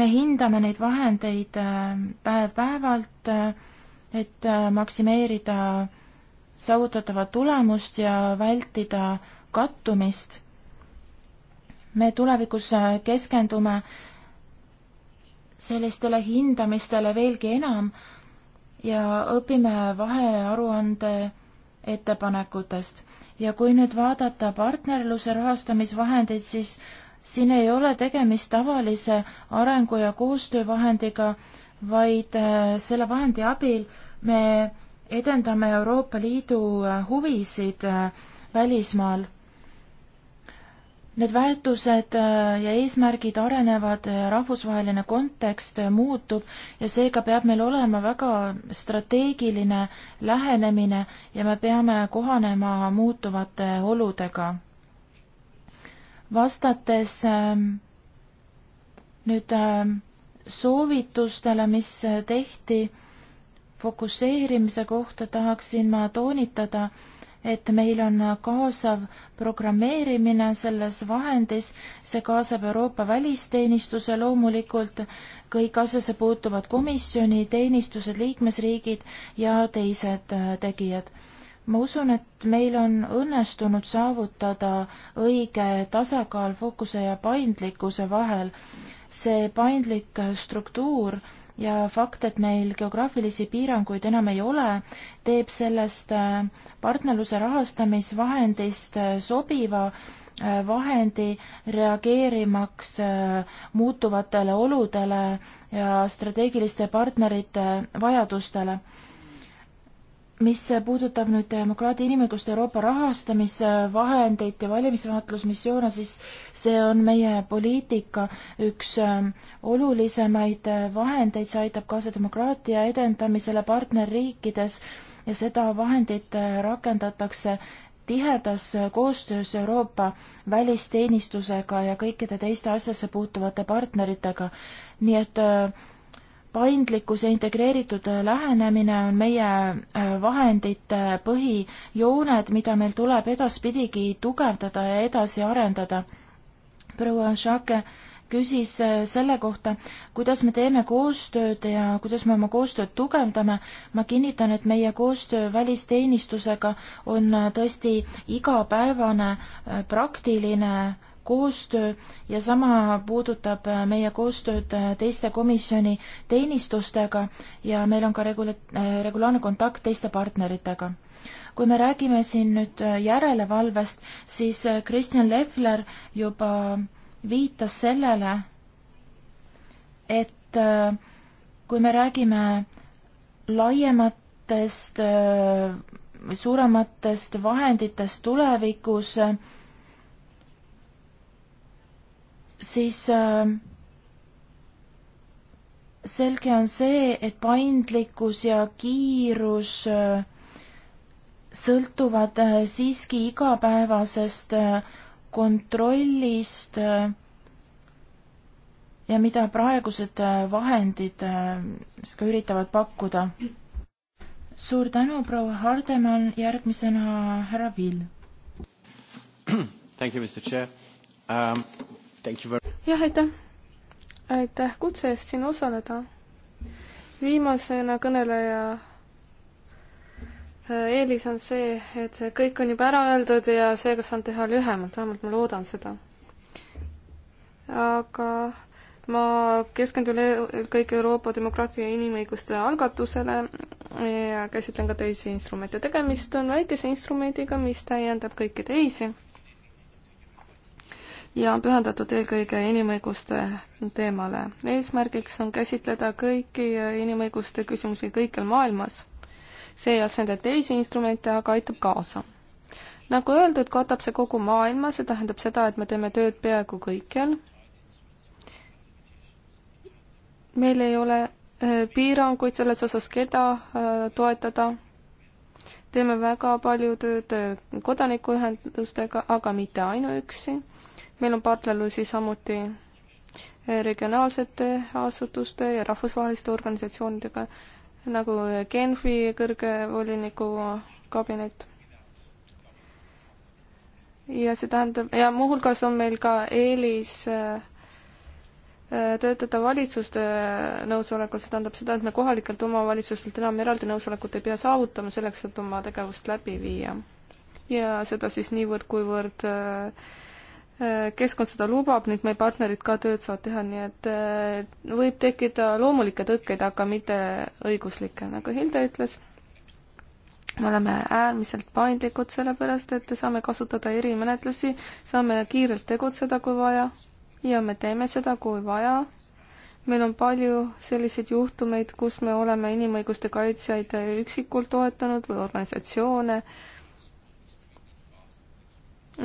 [SPEAKER 3] me hindame neid vahendeid äh, päev-päevalt, äh, et äh, maksimeerida saavutatavat tulemust ja vältida kattumist. me tulevikus keskendume sellistele hindamistele veelgi enam ja õpime vahearuande ettepanekutest. ja kui nüüd vaadata partnerluse rahastamisvahendeid, siis siin ei ole tegemist tavalise arengu- ja koostöövahendiga, vaid äh, selle vahendi abil me edendame Euroopa Liidu äh, huvisid äh, välismaal. Need väärtused ja eesmärgid arenevad, rahvusvaheline kontekst muutub ja seega peab meil olema väga strateegiline lähenemine ja me peame kohanema muutuvate oludega vastates ähm, nüüd ähm, soovitustele, mis äh, tehti fokusseerimise kohta, tahaksin ma toonitada, et meil on kaasav programmeerimine selles vahendis, see kaasab Euroopa välisteenistuse loomulikult, kõik asjasse puutuvad komisjoni, teenistused, liikmesriigid ja teised äh, tegijad ma usun, et meil on õnnestunud saavutada õige tasakaal fookuse ja paindlikkuse vahel. see paindlik struktuur ja fakt, et meil geograafilisi piiranguid enam ei ole, teeb sellest äh, partnerluse rahastamisvahendist äh, sobiva äh, vahendi reageerimaks muutuvatele oludele ja strateegiliste partnerite vajadustele mis puudutab nüüd demokraatia inimõiguste Euroopa rahastamisvahendeid ja valimisvaatlusmissioone, siis see on meie poliitika üks ähm, olulisemaid äh, vahendeid, see aitab kaasa demokraatia edendamisele partnerriikides ja seda vahendit äh, rakendatakse tihedas äh, koostöös Euroopa välisteenistusega ja kõikide teiste asjasse puutuvate partneritega. nii et äh, paindlikkus ja integreeritud lähenemine on meie äh, vahendite põhijooned, mida meil tuleb edaspidigi tugevdada ja edasi arendada. proua Šake küsis äh, selle kohta, kuidas me teeme koostööd ja kuidas me oma koostööd tugevdame. ma kinnitan, et meie koostöö välisteenistusega on äh, tõesti igapäevane praktiline koostöö ja sama puudutab äh, meie koostööd äh, teiste komisjoni teenistustega ja meil on ka regula-, äh, regulaarne kontakt teiste partneritega. kui me räägime siin nüüd järelevalvest, siis Kristjan Lefler juba viitas sellele, et kui me räägime laiematest või suurematest vahenditest tulevikus, siis äh, selge on see, et paindlikkus ja kiirus äh, sõltuvad äh, siiski igapäevasest kontrollist ja mida praegused vahendid siis ka üritavad pakkuda. suur tänu, proua Hardemann, järgmisena härra Vill.
[SPEAKER 1] Thank you, Mr Chair um,
[SPEAKER 3] jah, aitäh. aitäh kutse eest
[SPEAKER 4] siin osaleda. viimasena kõneleja äh, eelis on see, et kõik on juba ära öeldud ja seega saan teha lühemalt, vähemalt ma loodan seda. aga ma keskendun eelkõige Euroopa demokraatia ja inimõiguste algatusele ja käsitlen ka teisi instrumente. tegemist on väikese instrumendiga, mis täiendab kõiki teisi ja on pühendatud eelkõige inimõiguste teemale. eesmärgiks on käsitleda kõiki inimõiguste küsimusi kõikjal maailmas. see ei asenda teisi instrumente, aga aitab kaasa. nagu öeldud, katab see kogu maailma, see tähendab seda, et me teeme tööd peaaegu kõikjal. meil ei ole äh, piiranguid selles osas, keda äh, toetada teeme väga palju tööd äh, kodanikuühendustega, aga mitte ainuüksi meil on partnerlusi samuti regionaalsete asutuste ja rahvusvaheliste organisatsioonidega, nagu Genfi kõrge voliniku kabinet. ja see tähendab, ja muuhulgas on meil ka eelis äh, töötada valitsuste nõusolekul, see tähendab seda, et me kohalikelt omavalitsustelt enam eraldi nõusolekut ei pea saavutama selleks, et oma tegevust läbi viia. ja seda siis niivõrd-kuivõrd äh, keskkond seda lubab, nüüd meie partnerid ka tööd saavad teha, nii et äh, võib tekkida loomulikke tõkkeid, aga mitte õiguslikke, nagu Hilde ütles. me oleme äärmiselt paindlikud, sellepärast et saame kasutada erimenetlusi, saame kiirelt tegutseda, kui vaja ja me teeme seda, kui vaja. meil on palju selliseid juhtumeid, kus me oleme inimõiguste kaitsjaid üksikult toetanud või organisatsioone äh,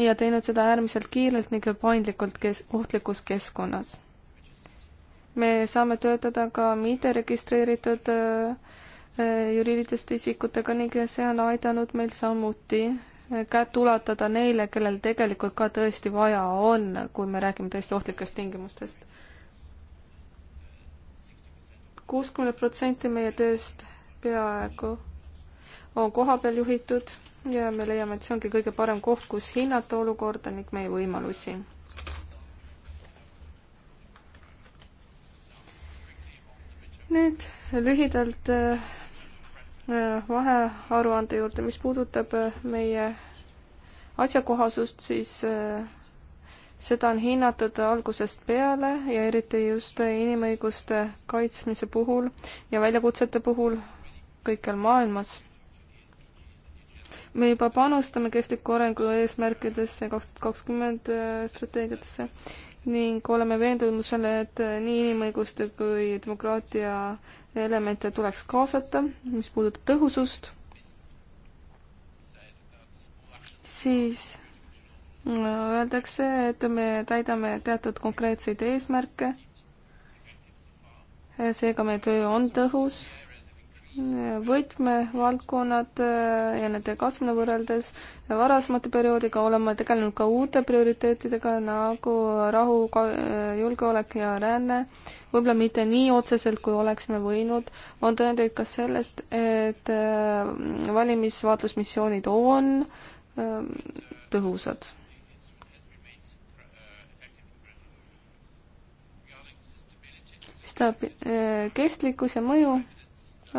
[SPEAKER 4] ja teinud seda äärmiselt kiirelt ning paindlikult kes-, ohtlikus keskkonnas. me saame töötada ka mitteregistreeritud äh, äh, juriidiliste isikutega ning see on aidanud meil samuti äh, kätt ulatada neile, kellel tegelikult ka tõesti vaja on, kui me räägime tõesti ohtlikest tingimustest. kuuskümmend protsenti meie tööst peaaegu on kohapeal juhitud ja me leiame, et see ongi kõige parem koht, kus hinnata olukorda ning meie võimalusi. nüüd lühidalt äh, äh, vahearuande juurde, mis puudutab äh, meie asjakohasust, siis seda on hinnatud algusest peale ja eriti just inimõiguste kaitsmise puhul ja väljakutsete puhul kõikjal maailmas me juba panustame kestliku arengu eesmärkidesse, kaks tuhat kakskümmend äh, strateegiatesse ning oleme veendunud selle, et äh, nii inimõiguste kui demokraatia elemente tuleks kaasata, mis puudutab tõhusust, siis äh, öeldakse, et me täidame teatud konkreetseid eesmärke, seega meie töö on tõhus võtmevaldkonnad äh, ja nende kasvuna võrreldes varasemate perioodiga oleme tegelenud ka uute prioriteetidega nagu rahu, äh, julgeolek ja ränne. võib-olla mitte nii otseselt, kui oleksime võinud. on tõendeid ka sellest, et äh, valimisvaatlusmissioonid on ähm, tõhusad stabi-, kestlikkus ja mõju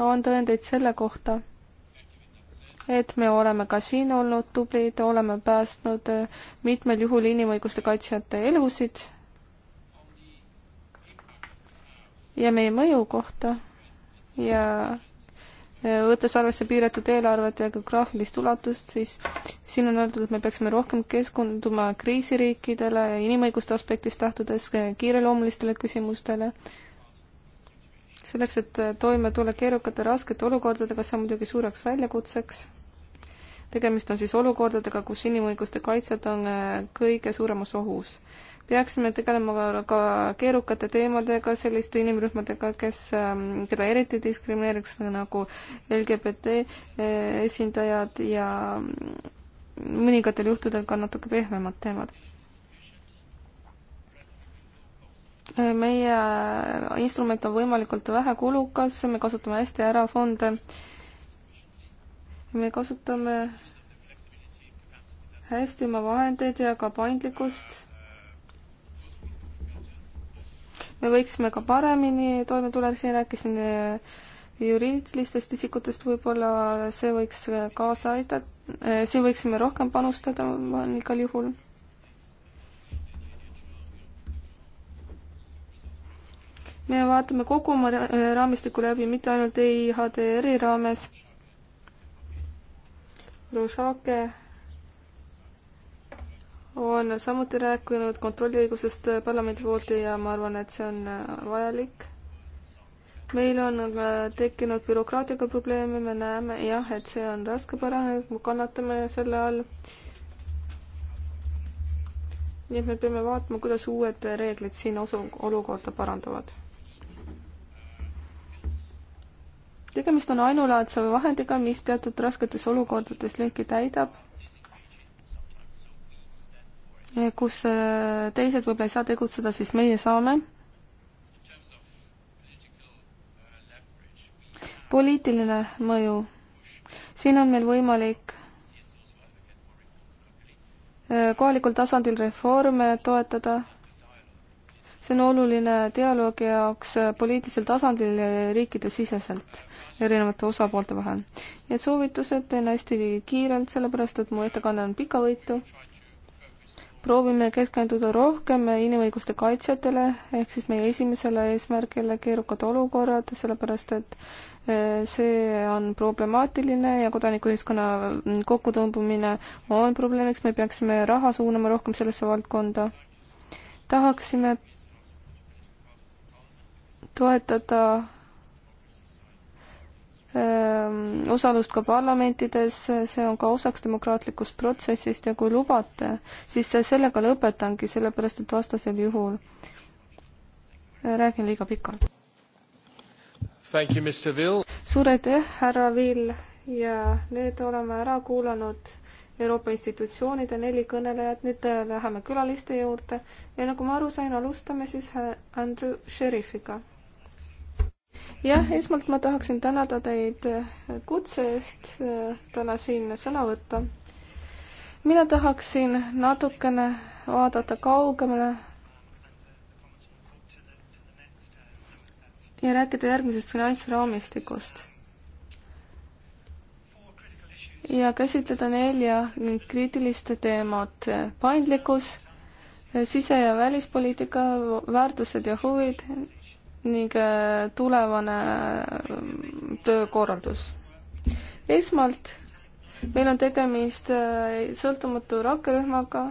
[SPEAKER 4] on tõendeid selle kohta, et me oleme ka siin olnud tublid, oleme päästnud eh, mitmel juhul inimõiguste kaitsjate elusid. ja meie mõju kohta ja eh, võttes arvesse piiratud eelarvet ja geograafilist ulatust, siis siin on öeldud, et me peaksime rohkem keskenduma kriisiriikidele ja inimõiguste aspektist lähtudes eh, kiireloomulistele küsimustele selleks, et äh, toime tulla keerukate raskete olukordadega, see on muidugi suureks väljakutseks. tegemist on siis olukordadega, kus inimõiguste kaitsjad on äh, kõige suuremas ohus. peaksime tegelema ka keerukate teemadega, selliste inimrühmadega, kes, ähm, keda eriti diskrimineeritakse, nagu LGBT äh, esindajad ja mm, mõningatel juhtudel ka natuke pehmemad teemad meie instrument on võimalikult vähe kulukas, me kasutame hästi ära fonde. me kasutame hästi oma vahendeid ja ka paindlikkust. me võiksime ka paremini toime tulla, siin rääkisin eh, juriidilistest isikutest võib-olla see võiks kaasa aidata, eh, siin võiksime rohkem panustada igal juhul. me vaatame kogu oma äh, raamistiku läbi, mitte ainult EIHDR-i raames. Rošake on samuti rääkinud kontrolliõigusest äh, parlamendi poolt ja ma arvan, et see on äh, vajalik. meil on tekkinud bürokraatiaga probleeme, me näeme jah, et see on raskepärane, me kannatame selle all. nii et me peame vaatama, kuidas uued reeglid siin osu-, olukorda parandavad tegemist on ainulaadse vahendiga, mis teatud rasketes olukordades lünki täidab, eh, kus eh, teised võib-olla ei saa tegutseda, siis meie saame. poliitiline mõju. siin on meil võimalik eh, kohalikul tasandil reforme toetada see on oluline dialoogi jaoks äh, poliitilisel tasandil riikide siseselt erinevate osapoolte vahel. ja soovitused teen hästi kiirelt, sellepärast et mu ettekanne on pikavõitu. proovime keskenduda rohkem inimõiguste kaitsjatele, ehk siis meie esimesele eesmärgile keerukad olukorrad, sellepärast et äh, see on problemaatiline ja kodanikuühiskonna mm, kokkutõmbumine on probleemiks, me peaksime raha suunama rohkem sellesse valdkonda. tahaksime, et toetada ähm, osalust ka parlamentides, see on ka osaks demokraatlikust protsessist ja kui lubate, siis sellega lõpetangi, sellepärast et vastasel juhul räägin liiga pikalt. suur aitäh, härra Vill ja nüüd oleme ära kuulanud Euroopa institutsioonide neli kõnelejat, nüüd läheme külaliste juurde ja nagu ma aru sain, alustame siis Andrew Sheriffiga jah, esmalt ma tahaksin tänada teid äh, kutse eest äh, täna siin sõna võtta. mina tahaksin natukene vaadata kaugemale ja rääkida järgmisest finantsraamistikust ja käsitleda nelja kriitilist teemat. Äh, paindlikkus, sise- ja välispoliitika, väärtused ja huvid ning äh, tulevane äh, töökorraldus. esmalt meil on tegemist äh, sõltumatu rakkerühmaga,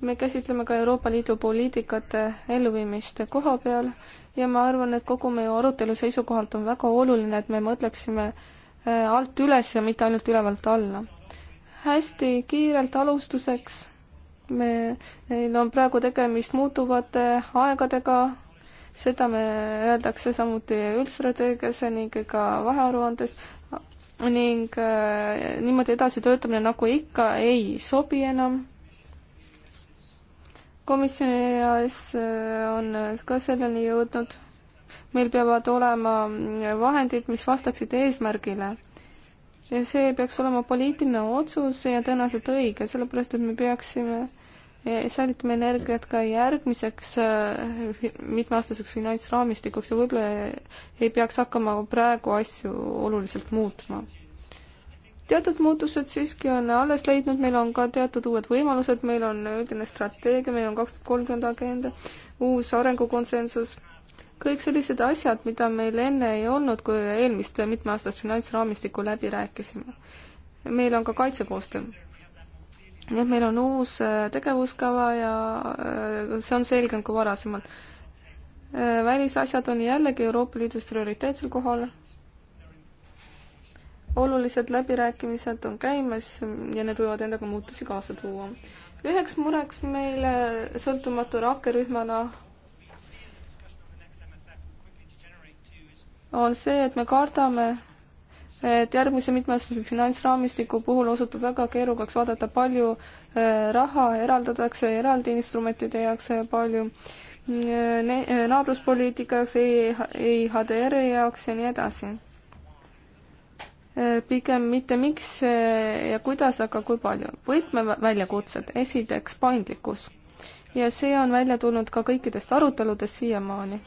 [SPEAKER 4] me käsitleme ka Euroopa Liidu poliitikate elluviimist koha peal ja ma arvan, et kogu meie arutelu seisukohalt on väga oluline, et me mõtleksime alt üles ja mitte ainult ülevalt alla. hästi kiirelt alustuseks, me, meil on praegu tegemist muutuvate aegadega, seda me öeldakse samuti üldstrateegias ning ka vahearuandes ning äh, niimoodi edasi töötamine nagu ikka ei sobi enam. komisjoni eas äh, on ka selleni jõudnud. meil peavad olema vahendid, mis vastaksid eesmärgile ja see peaks olema poliitiline otsus ja tõenäoliselt õige, sellepärast et me peaksime säilitame energiat ka järgmiseks äh, mitmeaastaseks finantsraamistikuks ja võib-olla ei peaks hakkama praegu asju oluliselt muutma. teatud muutused siiski on alles leidnud, meil on ka teatud uued võimalused, meil on üldine strateegia, meil on kaks tuhat kolmkümmend agenda, uus arengukonsensus, kõik sellised asjad, mida meil enne ei olnud, kui eelmist mitmeaastast finantsraamistikku läbi rääkisime. meil on ka kaitsekoostöö nii et meil on uus äh, tegevuskava ja äh, see on selgem kui varasemalt. Äh, välisasjad on jällegi Euroopa Liidus prioriteetsel kohal. olulised läbirääkimised on käimas ja need võivad endaga muutusi kaasa tuua. üheks mureks meile sõltumatu rakkerühmana on see, et me kardame, et järgmise mitmeaastase finantsraamistiku puhul osutub väga keerukaks vaadata, palju äh, raha eraldatakse eraldi instrumentide jaoks ja palju äh, äh, naabruspoliitika jaoks, EIHDR-i e jaoks ja nii edasi. pigem mitte miks ja kuidas, aga kui palju. võtmeväljakutsed, esiteks paindlikkus. ja see on välja tulnud ka kõikidest aruteludest siiamaani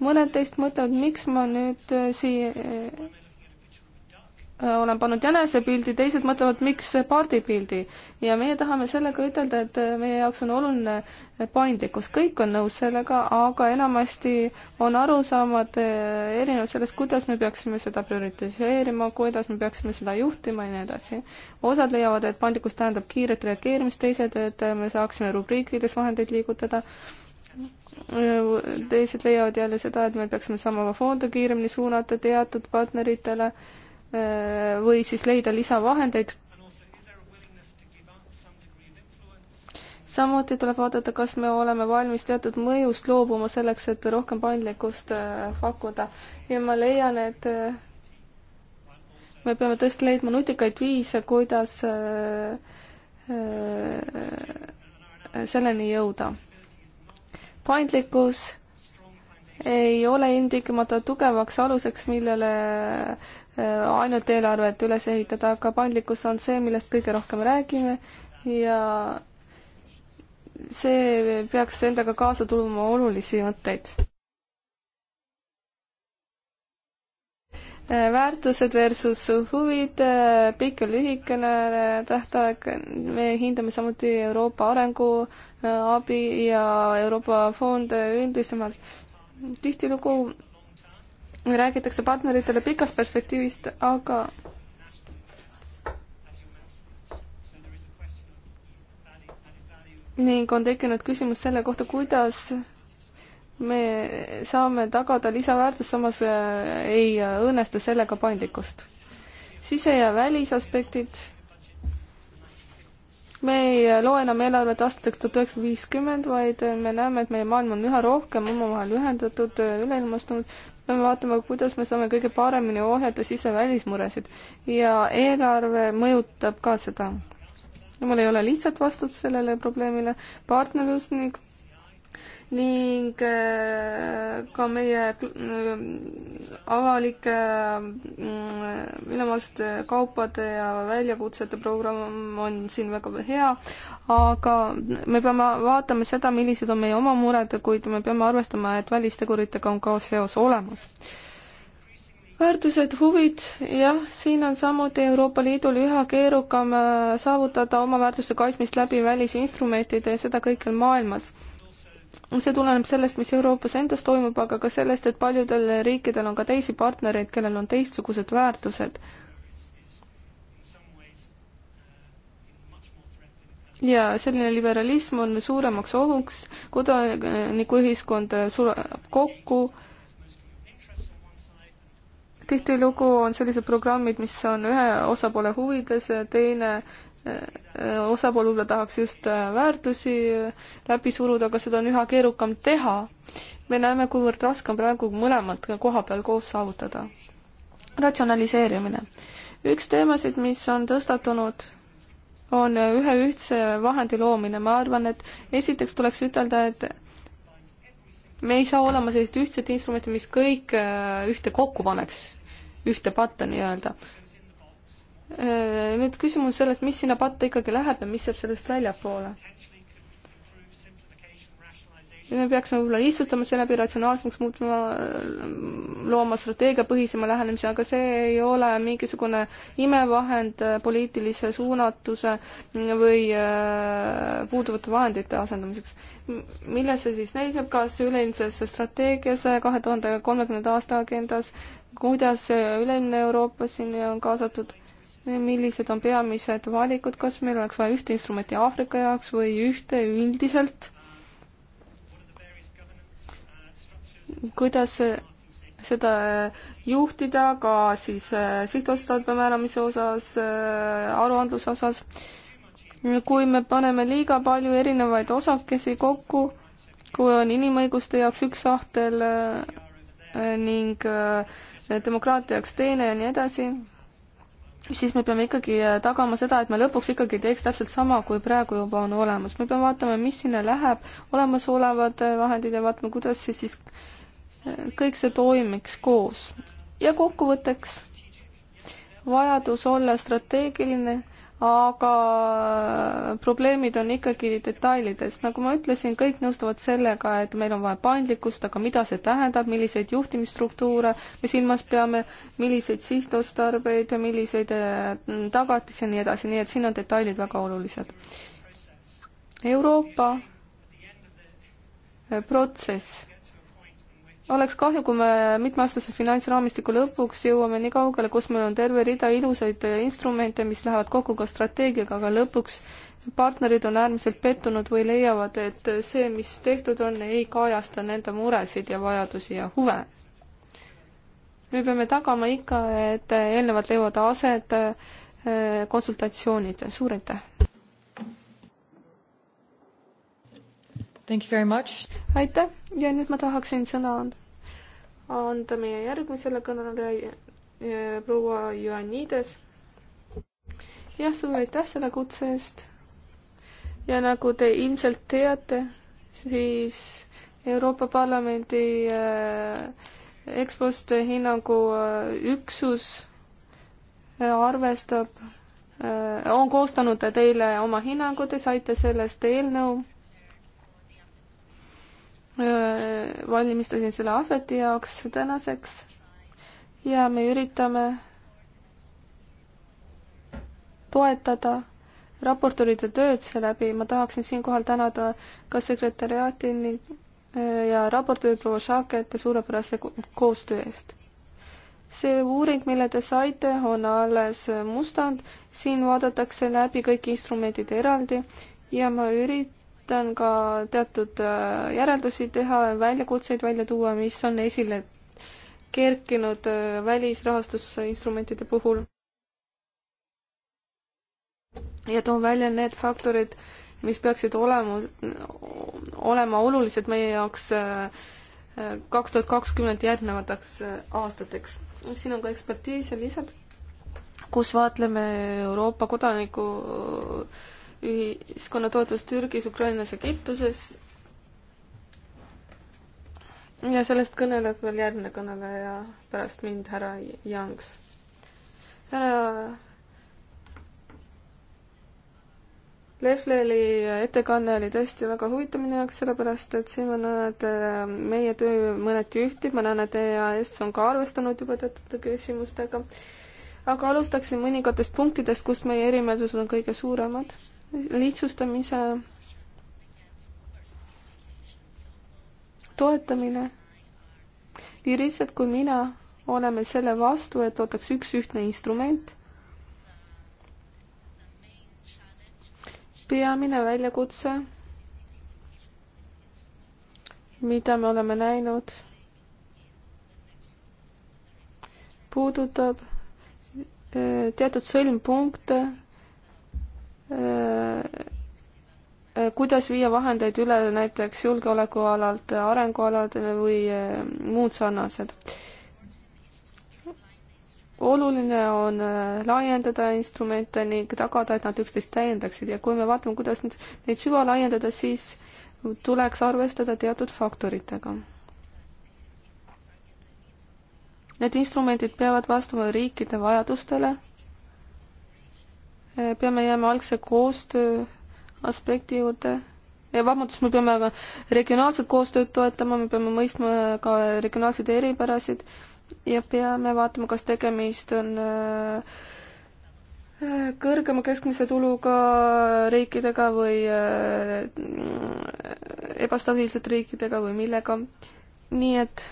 [SPEAKER 4] mõned teist mõtlevad, miks ma nüüd siia Äh, olen pannud jänesepildi, teised mõtlevad, miks pardipildi. ja meie tahame sellega ütelda, et äh, meie jaoks on oluline äh, paindlikkus, kõik on nõus sellega, aga enamasti on arusaamad erinevad sellest, kuidas me peaksime seda prioritiseerima, kuidas me peaksime seda juhtima ja nii edasi. osad leiavad, et paindlikkus tähendab kiiret reageerimist, teised, et me saaksime rubriikides vahendeid liigutada teised leiavad jälle seda, et me peaksime sama fonde kiiremini suunata teatud partneritele Äh, või siis leida lisavahendeid. samuti tuleb vaadata, kas me oleme valmis teatud mõjust loobuma selleks, et rohkem paindlikkust äh, pakkuda ja ma leian, et äh, me peame tõesti leidma nutikaid viise, kuidas selleni jõuda. paindlikkus ei ole ilmtingimata tugevaks aluseks, millele Äh, ainult eelarvet üles ehitada, aga paindlikkus on see, millest kõige rohkem räägime ja see peaks endaga kaasa tulema olulisi mõtteid. Äh, väärtused versus huvid, äh, pikk ja lühikene tähtaeg, me hindame samuti Euroopa arenguabi ja Euroopa fonde üldisemalt. tihtilugu räägitakse partneritele pikast perspektiivist, aga ning on tekkinud küsimus selle kohta, kuidas me saame tagada lisaväärtust, samas äh, ei õõnesta sellega paindlikkust. sise- ja välisaspektid me ei loe enam eelarvet aastateks tuhat üheksasada viiskümmend, vaid me näeme, et meie maailm on üha rohkem omavahel ühendatud, üleilmastunud. peame vaatama, kuidas me saame kõige paremini ohjata sise-välismuresid ja eelarve mõjutab ka seda. mul ei ole lihtsat vastut sellele probleemile, partnerlus ning ning äh, ka meie äh, avalike äh, mm, ülemaailmsete kaupade ja väljakutsete programm on siin väga hea, aga me peame vaatama seda, millised on meie oma mured, kuid me peame arvestama, et välisteguritega on ka seos olemas. väärtused, huvid, jah, siin on samuti Euroopa Liidul üha keerukam saavutada oma väärtuste kaitsmist läbi välisinstrumentide ja seda kõikjal maailmas see tuleneb sellest, mis Euroopas endas toimub, aga ka sellest, et paljudel riikidel on ka teisi partnereid, kellel on teistsugused väärtused. ja selline liberalism on suuremaks ohuks, kodanikuühiskond sulab kokku, tihtilugu on sellised programmid, mis on ühe osapoole huvides, teine osapoolule tahaks just äh, väärtusi äh, läbi suruda, aga seda on üha keerukam teha. me näeme, kuivõrd raske on praegu mõlemat koha peal koos saavutada. ratsionaliseerimine. üks teemasid, mis on tõstatunud, on äh, ühe ühtse vahendi loomine. ma arvan, et esiteks tuleks ütelda, et me ei saa olema sellist ühtset instrumenti, mis kõik ühte kokku paneks, ühte patta nii-öelda. Äh, nüüd küsimus sellest, mis sinna patta ikkagi läheb ja mis jääb sellest väljapoole. me peaksime võib-olla lihtsustama seeläbi, ratsionaalsemaks muutma, looma strateegiapõhisema lähenemise, aga see ei ole mingisugune imevahend äh, poliitilise suunatuse või äh, puuduvate vahendite asendamiseks. milles see siis näisneb, kas üleilmses strateegias kahe tuhande kolmekümnenda aasta agendas, kuidas üleilmne Euroopa sinna on kaasatud millised on peamised valikud, kas meil oleks vaja ühte instrumenti Aafrika jaoks või ühte üldiselt? kuidas seda juhtida ka siis äh, sihtotstarbe määramise osas, äh, aruandluse osas? kui me paneme liiga palju erinevaid osakesi kokku, kui on inimõiguste jaoks üks sahtel äh, ning demokraatia jaoks teine ja nii edasi, siis me peame ikkagi äh, tagama seda, et me lõpuks ikkagi teeks täpselt sama, kui praegu juba on olemas. me peame vaatama, mis sinna läheb, olemasolevad äh, vahendid ja vaatama, kuidas see siis äh, kõik see toimiks koos. ja kokkuvõtteks vajadus olla strateegiline aga äh, probleemid on ikkagi detailides. nagu ma ütlesin, kõik nõustuvad sellega, et meil on vaja paindlikkust, aga mida see tähendab, milliseid juhtimisstruktuure me silmas peame, milliseid sihtotstarbeid, milliseid äh, tagatisi ja nii edasi, nii et siin on detailid väga olulised. Euroopa äh, protsess oleks kahju, kui me mitmeaastase finantsraamistiku lõpuks jõuame nii kaugele, kus meil on terve rida ilusaid instrumente, mis lähevad kokku ka strateegiaga, aga lõpuks partnerid on äärmiselt pettunud või leiavad, et see, mis tehtud on, ei kajasta nende muresid ja vajadusi ja huve. me peame tagama ikka, et eelnevalt leiavad aset eh, konsultatsioonid, suur aitäh! aitäh ja nüüd ma tahaksin sõna anda anda meie järgmisele kõnele eh, proua Ioannides. jah, suur aitäh selle kutse eest. ja nagu te ilmselt teate, siis Euroopa Parlamendi EXPO-st eh, hinnangu eh, üksus arvestab, on koostanud teile oma hinnangud ja saite sellest eelnõu valmistasin selle ahveti jaoks tänaseks ja me üritame toetada raportorite tööd seeläbi, ma tahaksin siinkohal tänada ka sekretäriaati ning ja raportööri proua Šakete suurepärase koostöö eest. see uuring, mille te saite, on alles mustand, siin vaadatakse läbi kõik instrumendid eraldi ja ma ürit-, üritan ka teatud äh, järeldusi teha, väljakutseid välja tuua, mis on esile kerkinud äh, välisrahastusinstrumentide puhul. ja toon välja need faktorid, mis peaksid olema, olema olulised meie jaoks äh, kaks tuhat kakskümmend järgnevateks aastateks. siin on ka ekspertiise lisad, kus vaatleme Euroopa kodaniku ühiskonna toetus Türgis, Ukrainas, Egiptuses. ja sellest kõneleb veel järgmine kõneleja pärast mind, härra Youngs. härra Lefleri ettekanne oli tõesti väga huvitav minu jaoks, sellepärast et siin ma näen, et äh, meie töö mõneti ühtib, ma näen, et EAS on ka arvestanud juba teatud küsimustega. aga alustaksin mõningatest punktidest, kus meie erimeelsused on kõige suuremad lihtsustamise toetamine. nii lihtsalt kui mina oleme selle vastu, et ootaks üks ühtne instrument. peamine väljakutse, mida me oleme näinud, puudutab eh, teatud sõlmpunkte Äh, äh, kuidas viia vahendeid üle näiteks julgeolekualalt arengualadele või äh, muud sarnased. oluline on laiendada instrumente ning tagada, et nad üksteist täiendaksid ja kui me vaatame, kuidas nüüd neid süva laiendada, siis tuleks arvestada teatud faktoritega. Need instrumendid peavad vastama riikide vajadustele Äh, peame jääma algse koostöö aspekti juurde ja vabandust, me peame ka regionaalset koostööd toetama, me peame mõistma ka regionaalseid eripärasid ja peame vaatama, kas tegemist on äh, äh, kõrgema keskmise tuluga riikidega või ebastabiilsete riikidega või millega. nii et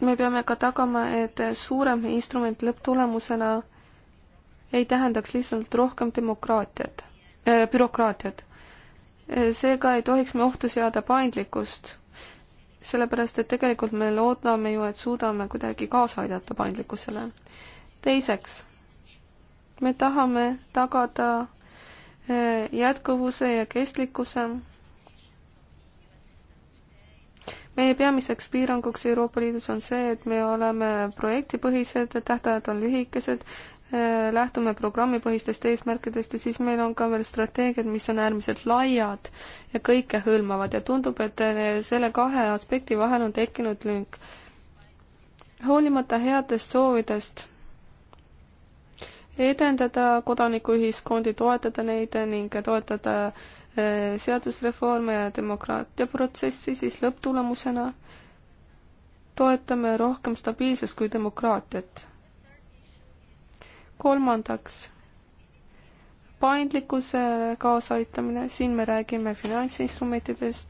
[SPEAKER 4] me peame ka tagama, et suurem instrument lõpptulemusena ei tähendaks lihtsalt rohkem demokraatiat äh,, bürokraatiat. seega ei tohiks me ohtu seada paindlikkust, sellepärast et tegelikult me loodame ju, et suudame kuidagi kaasa aidata paindlikkusele. teiseks, me tahame tagada äh, jätkuvuse ja kestlikkuse meie peamiseks piiranguks Euroopa Liidus on see, et me oleme projektipõhised, tähtajad on lühikesed, eh, lähtume programmipõhistest eesmärkidest ja siis meil on ka veel strateegiad, mis on äärmiselt laiad ja kõikehõlmavad ja tundub, et eh, selle kahe aspekti vahel on tekkinud lünk. hoolimata headest soovidest edendada kodanikuühiskondi, toetada neid ning toetada äh, Äh, seadusreforme ja demokraatia protsessi, siis lõpptulemusena toetame rohkem stabiilsust kui demokraatiat. kolmandaks, paindlikkuse kaasaaitamine, siin me räägime finantsinstrumentidest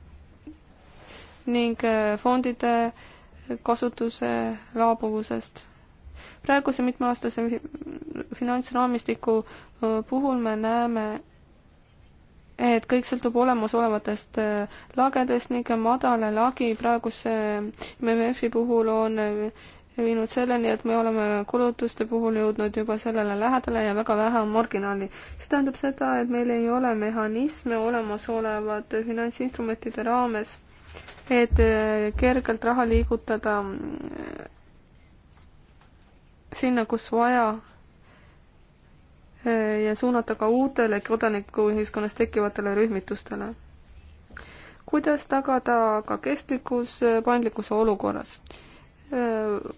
[SPEAKER 4] ning äh, fondide kasutuse laabuvusest. praeguse mitmeaastase finantsraamistiku äh, puhul me näeme, et kõik sõltub olemasolevatest äh, lagedest ning madal lagi praeguse äh, MMF-i puhul on äh, viinud selleni, et me oleme kulutuste puhul jõudnud juba sellele lähedale ja väga vähe on marginaali. see tähendab seda, et meil ei ole mehhanisme olemasolevate finantsinstrumentide raames, et kergelt raha liigutada sinna, kus vaja Äh, ja suunata ka uutele kodanikuühiskonnas tekkivatele rühmitustele. kuidas tagada ka kestlikkus äh, paindlikkuse olukorras? Äh,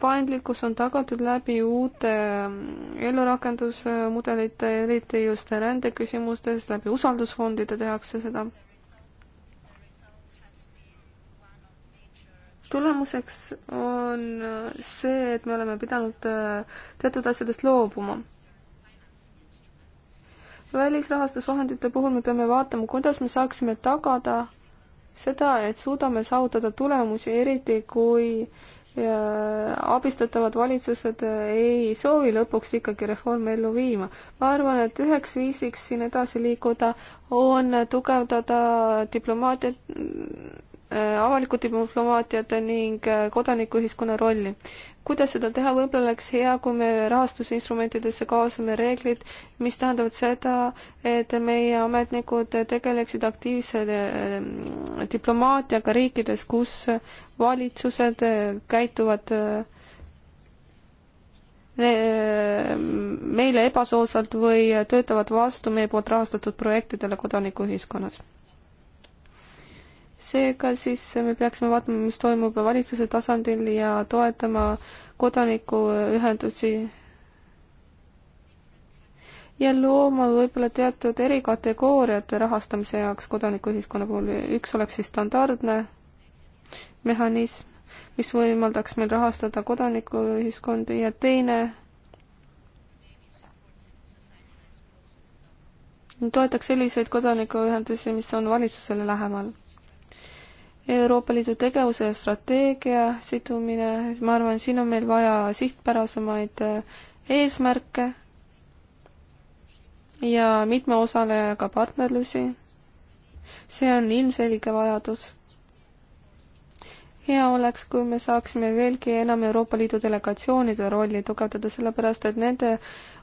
[SPEAKER 4] paindlikkus on tagatud läbi uute mm, ellurakendusmudelite, eriti just rändeküsimustes, läbi usaldusfondide tehakse seda. tulemuseks on see, et me oleme pidanud teatud asjadest loobuma välisrahastusvahendite puhul me peame vaatama, kuidas me saaksime tagada seda, et suudame saavutada tulemusi, eriti kui äh, abistatavad valitsused äh, ei soovi lõpuks ikkagi reforme ellu viima. ma arvan, et üheks viisiks siin edasi liikuda on tugevdada diplomaatiat Äh, avalikku diplomaatiat ning äh, kodanikuühiskonna rolli. kuidas seda teha, võib-olla oleks hea, kui me rahastusinstrumentidesse kaasame reeglid, mis tähendavad seda, et meie ametnikud tegeleksid aktiivse äh, diplomaatiaga riikides, kus valitsused käituvad meile ebasoodsalt või töötavad vastu meie poolt rahastatud projektidele kodanikuühiskonnas seega siis me peaksime vaatama, mis toimub valitsuse tasandil ja toetama kodanikuühendusi ja looma võib-olla teatud erikategooriate rahastamise jaoks kodanikuühiskonna puhul. üks oleks siis standardne mehhanism, mis võimaldaks meil rahastada kodanikuühiskondi ja teine toetaks selliseid kodanikuühendusi, mis on valitsusele lähemal. Euroopa Liidu tegevuse ja strateegia sidumine, ma arvan, siin on meil vaja sihtpärasemaid äh, eesmärke ja mitme osalejaga partnerlusi. see on ilmselge vajadus. hea oleks, kui me saaksime veelgi enam Euroopa Liidu delegatsioonide rolli tugevdada, sellepärast et nende äh,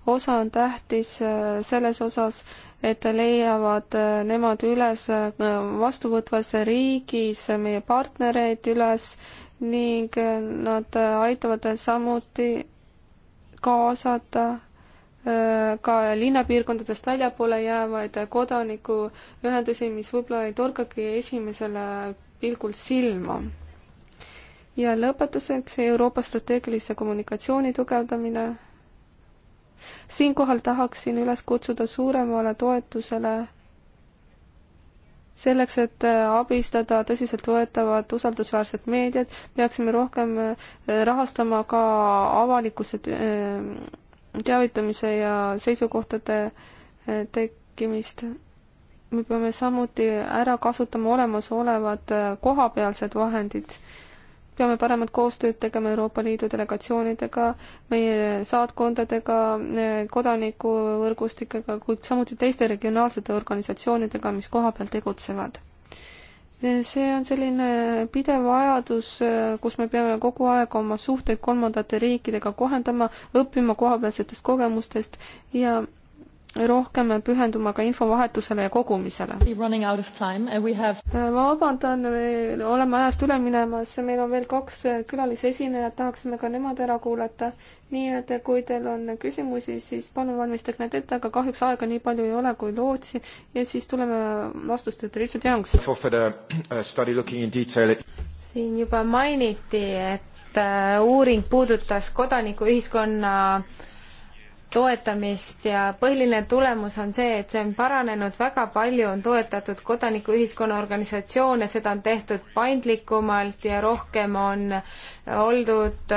[SPEAKER 4] osa on tähtis äh, selles osas, et leiavad äh, nemad üles äh, vastuvõtvas riigis meie partnereid üles ning nad aitavad samuti kaasata ka linnapiirkondadest väljapoole jäävaid kodanikuühendusi, mis võib-olla ei torkagi esimesele pilgul silma. ja lõpetuseks Euroopa strateegilise kommunikatsiooni tugevdamine siinkohal tahaksin üles kutsuda suuremale toetusele selleks, et äh, abistada tõsiseltvõetavat usaldusväärset meediat, peaksime rohkem äh, rahastama ka avalikkuse äh, teavitamise ja seisukohtade tekkimist. me peame samuti ära kasutama olemasolevad kohapealsed vahendid peame paremat koostööd tegema Euroopa Liidu delegatsioonidega, meie saatkondadega, kodanikuvõrgustikega, kuid samuti teiste regionaalsete organisatsioonidega, mis kohapeal tegutsevad. see on selline pidev vajadus, kus me peame kogu aeg oma suhteid kolmandate riikidega kohendama, õppima kohapealsetest kogemustest ja rohkem pühenduma ka infovahetusele ja kogumisele. Have... Äh, ma vabandan, oleme ajast üle minemas, meil on veel kaks äh, külalisesinejat, tahaksime ka nemad ära kuulata. nii et äh, kui teil on küsimusi, siis palun valmistage need ette, aga kahjuks aega nii palju ei ole, kui lootsin. ja siis tuleme vastuste juurde, Richard Youngs. Uh, siin juba
[SPEAKER 2] mainiti, et uuring puudutas kodanikuühiskonna äh, toetamist ja põhiline tulemus on see, et see on paranenud väga palju, on toetatud kodanikuühiskonna organisatsioone, seda on tehtud paindlikumalt ja rohkem on oldud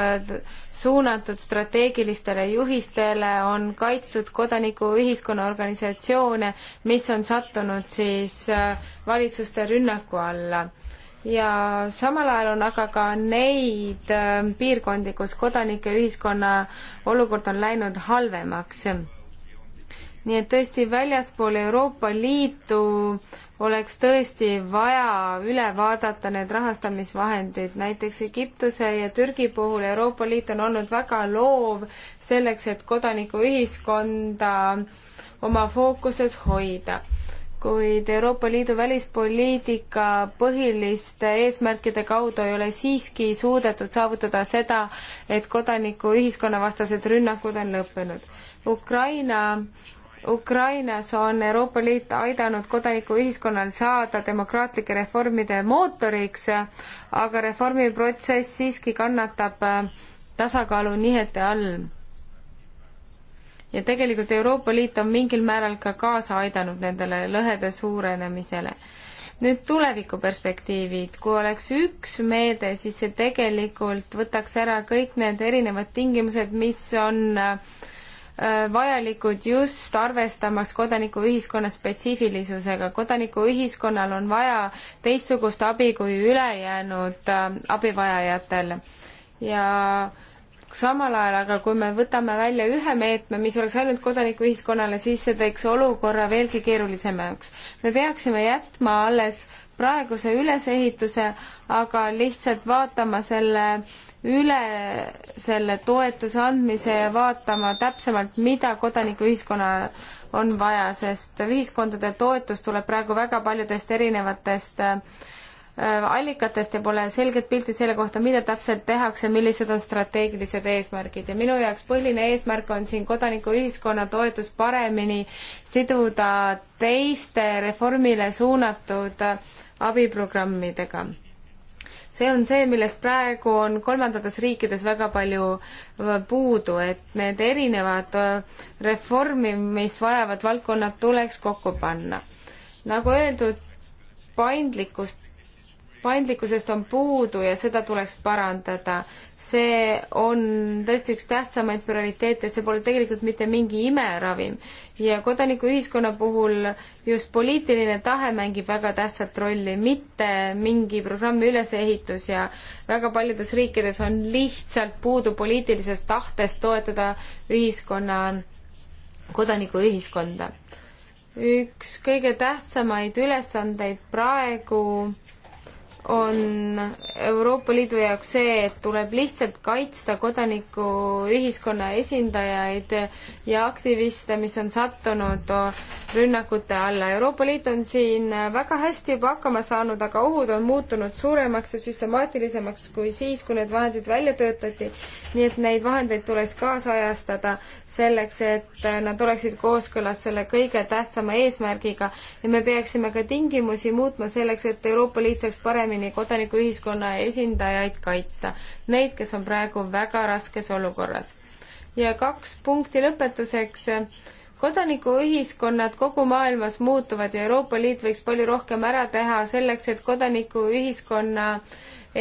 [SPEAKER 2] suunatud strateegilistele juhistele, on kaitstud kodanikuühiskonna organisatsioone, mis on sattunud siis äh, valitsuste rünnaku alla ja samal ajal on aga ka neid ähm, piirkondi, kus kodanike ühiskonna olukord on läinud halvemaks. nii et tõesti väljaspool Euroopa Liitu oleks tõesti vaja üle vaadata need rahastamisvahendid, näiteks Egiptuse ja Türgi puhul Euroopa Liit on olnud väga loov selleks, et kodanikuühiskonda oma fookuses hoida kuid Euroopa Liidu välispoliitika põhiliste eesmärkide kaudu ei ole siiski suudetud saavutada seda, et kodanikuühiskonna vastased rünnakud on lõppenud. Ukraina Ukrainas on Euroopa Liit aidanud kodanikuühiskonnal saada demokraatlike reformide mootoriks, aga reformiprotsess siiski kannatab äh, tasakaalu nihete all ja tegelikult Euroopa Liit on mingil määral ka kaasa aidanud nendele lõhede suurenemisele. nüüd tulevikuperspektiivid, kui oleks üks meede, siis see tegelikult võtaks ära kõik need erinevad tingimused, mis on äh, vajalikud just arvestamaks kodanikuühiskonna spetsiifilisusega. kodanikuühiskonnal on vaja teistsugust abi kui ülejäänud äh, abivajajatel ja äh, samal ajal aga, kui me võtame välja ühe meetme, mis oleks ainult kodanikuühiskonnale, siis see teeks olukorra veelgi keerulisemaks. me peaksime jätma alles praeguse ülesehituse, aga lihtsalt vaatama selle üle, selle toetuse andmise ja vaatama täpsemalt, mida kodanikuühiskonnal on vaja, sest ühiskondade toetus tuleb praegu väga paljudest erinevatest äh, Äh, allikatest ja pole selget pilti selle kohta, mida täpselt tehakse, millised on strateegilised eesmärgid ja minu jaoks põhiline eesmärk on siin kodanikuühiskonna toetus paremini siduda teiste reformile suunatud abiprogrammidega. see on see, millest praegu on kolmandates riikides väga palju äh, puudu, et need erinevad äh, reformimist vajavad valdkonnad tuleks kokku panna. nagu öeldud, paindlikkust paindlikkusest on puudu ja seda tuleks parandada. see on tõesti üks tähtsamaid prioriteete, see pole tegelikult mitte mingi imeravim ja kodanikuühiskonna puhul just poliitiline tahe mängib väga tähtsat rolli, mitte mingi programmi ülesehitus ja väga paljudes riikides on lihtsalt puudu poliitilisest tahtest toetada ühiskonna, kodanikuühiskonda üks kõige tähtsamaid ülesandeid praegu on Euroopa Liidu jaoks see, et tuleb lihtsalt kaitsta kodanikuühiskonna esindajaid ja aktiviste, mis on sattunud rünnakute alla. Euroopa Liit on siin väga hästi juba hakkama saanud, aga ohud on muutunud suuremaks ja süstemaatilisemaks kui siis, kui need vahendid välja töötati. nii et neid vahendeid tuleks kaasajastada selleks, et nad oleksid kooskõlas selle kõige tähtsama eesmärgiga ja me peaksime ka tingimusi muutma selleks, et Euroopa Liit saaks paremini paremini kodanikuühiskonna esindajaid kaitsta, neid, kes on praegu väga raskes olukorras. ja kaks punkti lõpetuseks kodanikuühiskonnad kogu maailmas muutuvad ja Euroopa Liit võiks palju rohkem ära teha selleks, et kodanikuühiskonna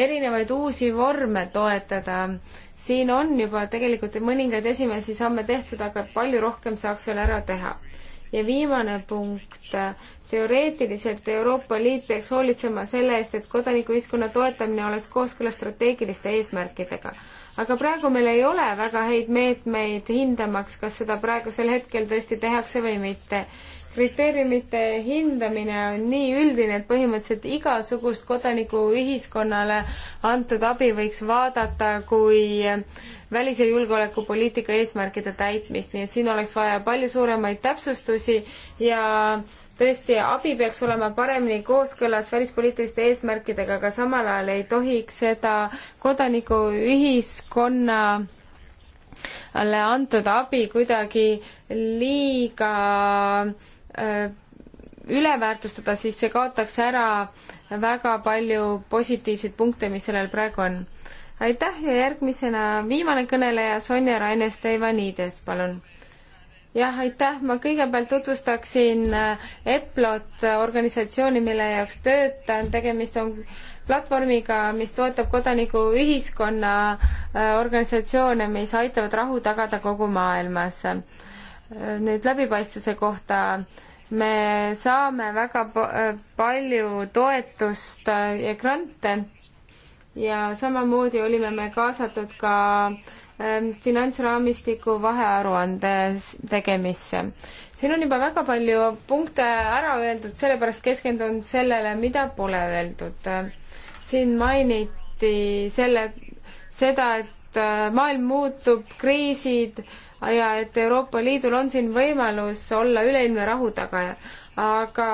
[SPEAKER 2] erinevaid uusi vorme toetada. siin on juba tegelikult mõningaid esimesi samme tehtud, aga palju rohkem saaks veel ära teha ja viimane punkt, teoreetiliselt Euroopa Liit peaks hoolitsema selle eest, et kodanikuühiskonna toetamine oleks kooskõlas strateegiliste eesmärkidega. aga praegu meil ei ole väga häid meetmeid hindamaks, kas seda praegusel hetkel tõesti tehakse või mitte kriteeriumite hindamine on nii üldine, et põhimõtteliselt igasugust kodanikuühiskonnale antud abi võiks vaadata kui välis- ja julgeolekupoliitika eesmärkide täitmist, nii et siin oleks vaja palju suuremaid täpsustusi ja tõesti, abi peaks olema paremini kooskõlas välispoliitiliste eesmärkidega, aga samal ajal ei tohiks seda kodanikuühiskonnale antud abi kuidagi liiga Äh, üle väärtustada, siis see kaotaks ära väga palju positiivseid punkte, mis sellel praegu on. aitäh ja järgmisena viimane kõneleja Sonja Raine-Stevanides, palun. jah, aitäh, ma kõigepealt tutvustaksin äh, EPLOT organisatsiooni, mille jaoks töötan, tegemist on platvormiga, mis toetab kodanikuühiskonna äh, organisatsioone, mis aitavad rahu tagada kogu maailmas nüüd läbipaistvuse kohta me saame väga palju toetust ja grante ja samamoodi olime me kaasatud ka ähm, finantsraamistiku vahearuande tegemisse. siin on juba väga palju punkte ära öeldud, sellepärast keskendun sellele, mida pole öeldud. siin mainiti selle, seda, et äh, maailm muutub, kriisid äh, ja et Euroopa Liidul on siin võimalus olla üleilmne rahu tagaja, aga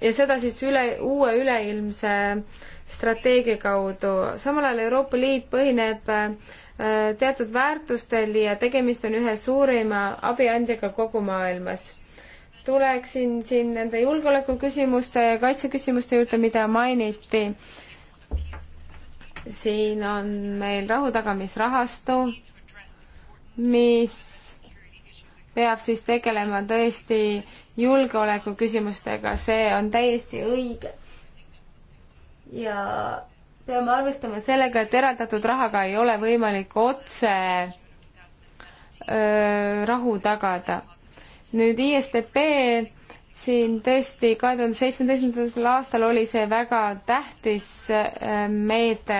[SPEAKER 2] ja seda siis üle, uue üleilmse strateegia kaudu. samal ajal Euroopa Liit põhineb äh, teatud väärtustel ja tegemist on ühe suurima abiandjaga kogu maailmas tuleksin siin nende julgeolekuküsimuste ja kaitseküsimuste juurde, mida mainiti. siin on meil rahutagamisrahastu, mis peab siis tegelema tõesti julgeoleku küsimustega, see on täiesti õige. ja peame arvestama sellega, et eraldatud rahaga ei ole võimalik otse öö, rahu tagada. nüüd ISDP siin tõesti kahe tuhande seitsmeteistkümnendal aastal oli see väga tähtis äh, meede.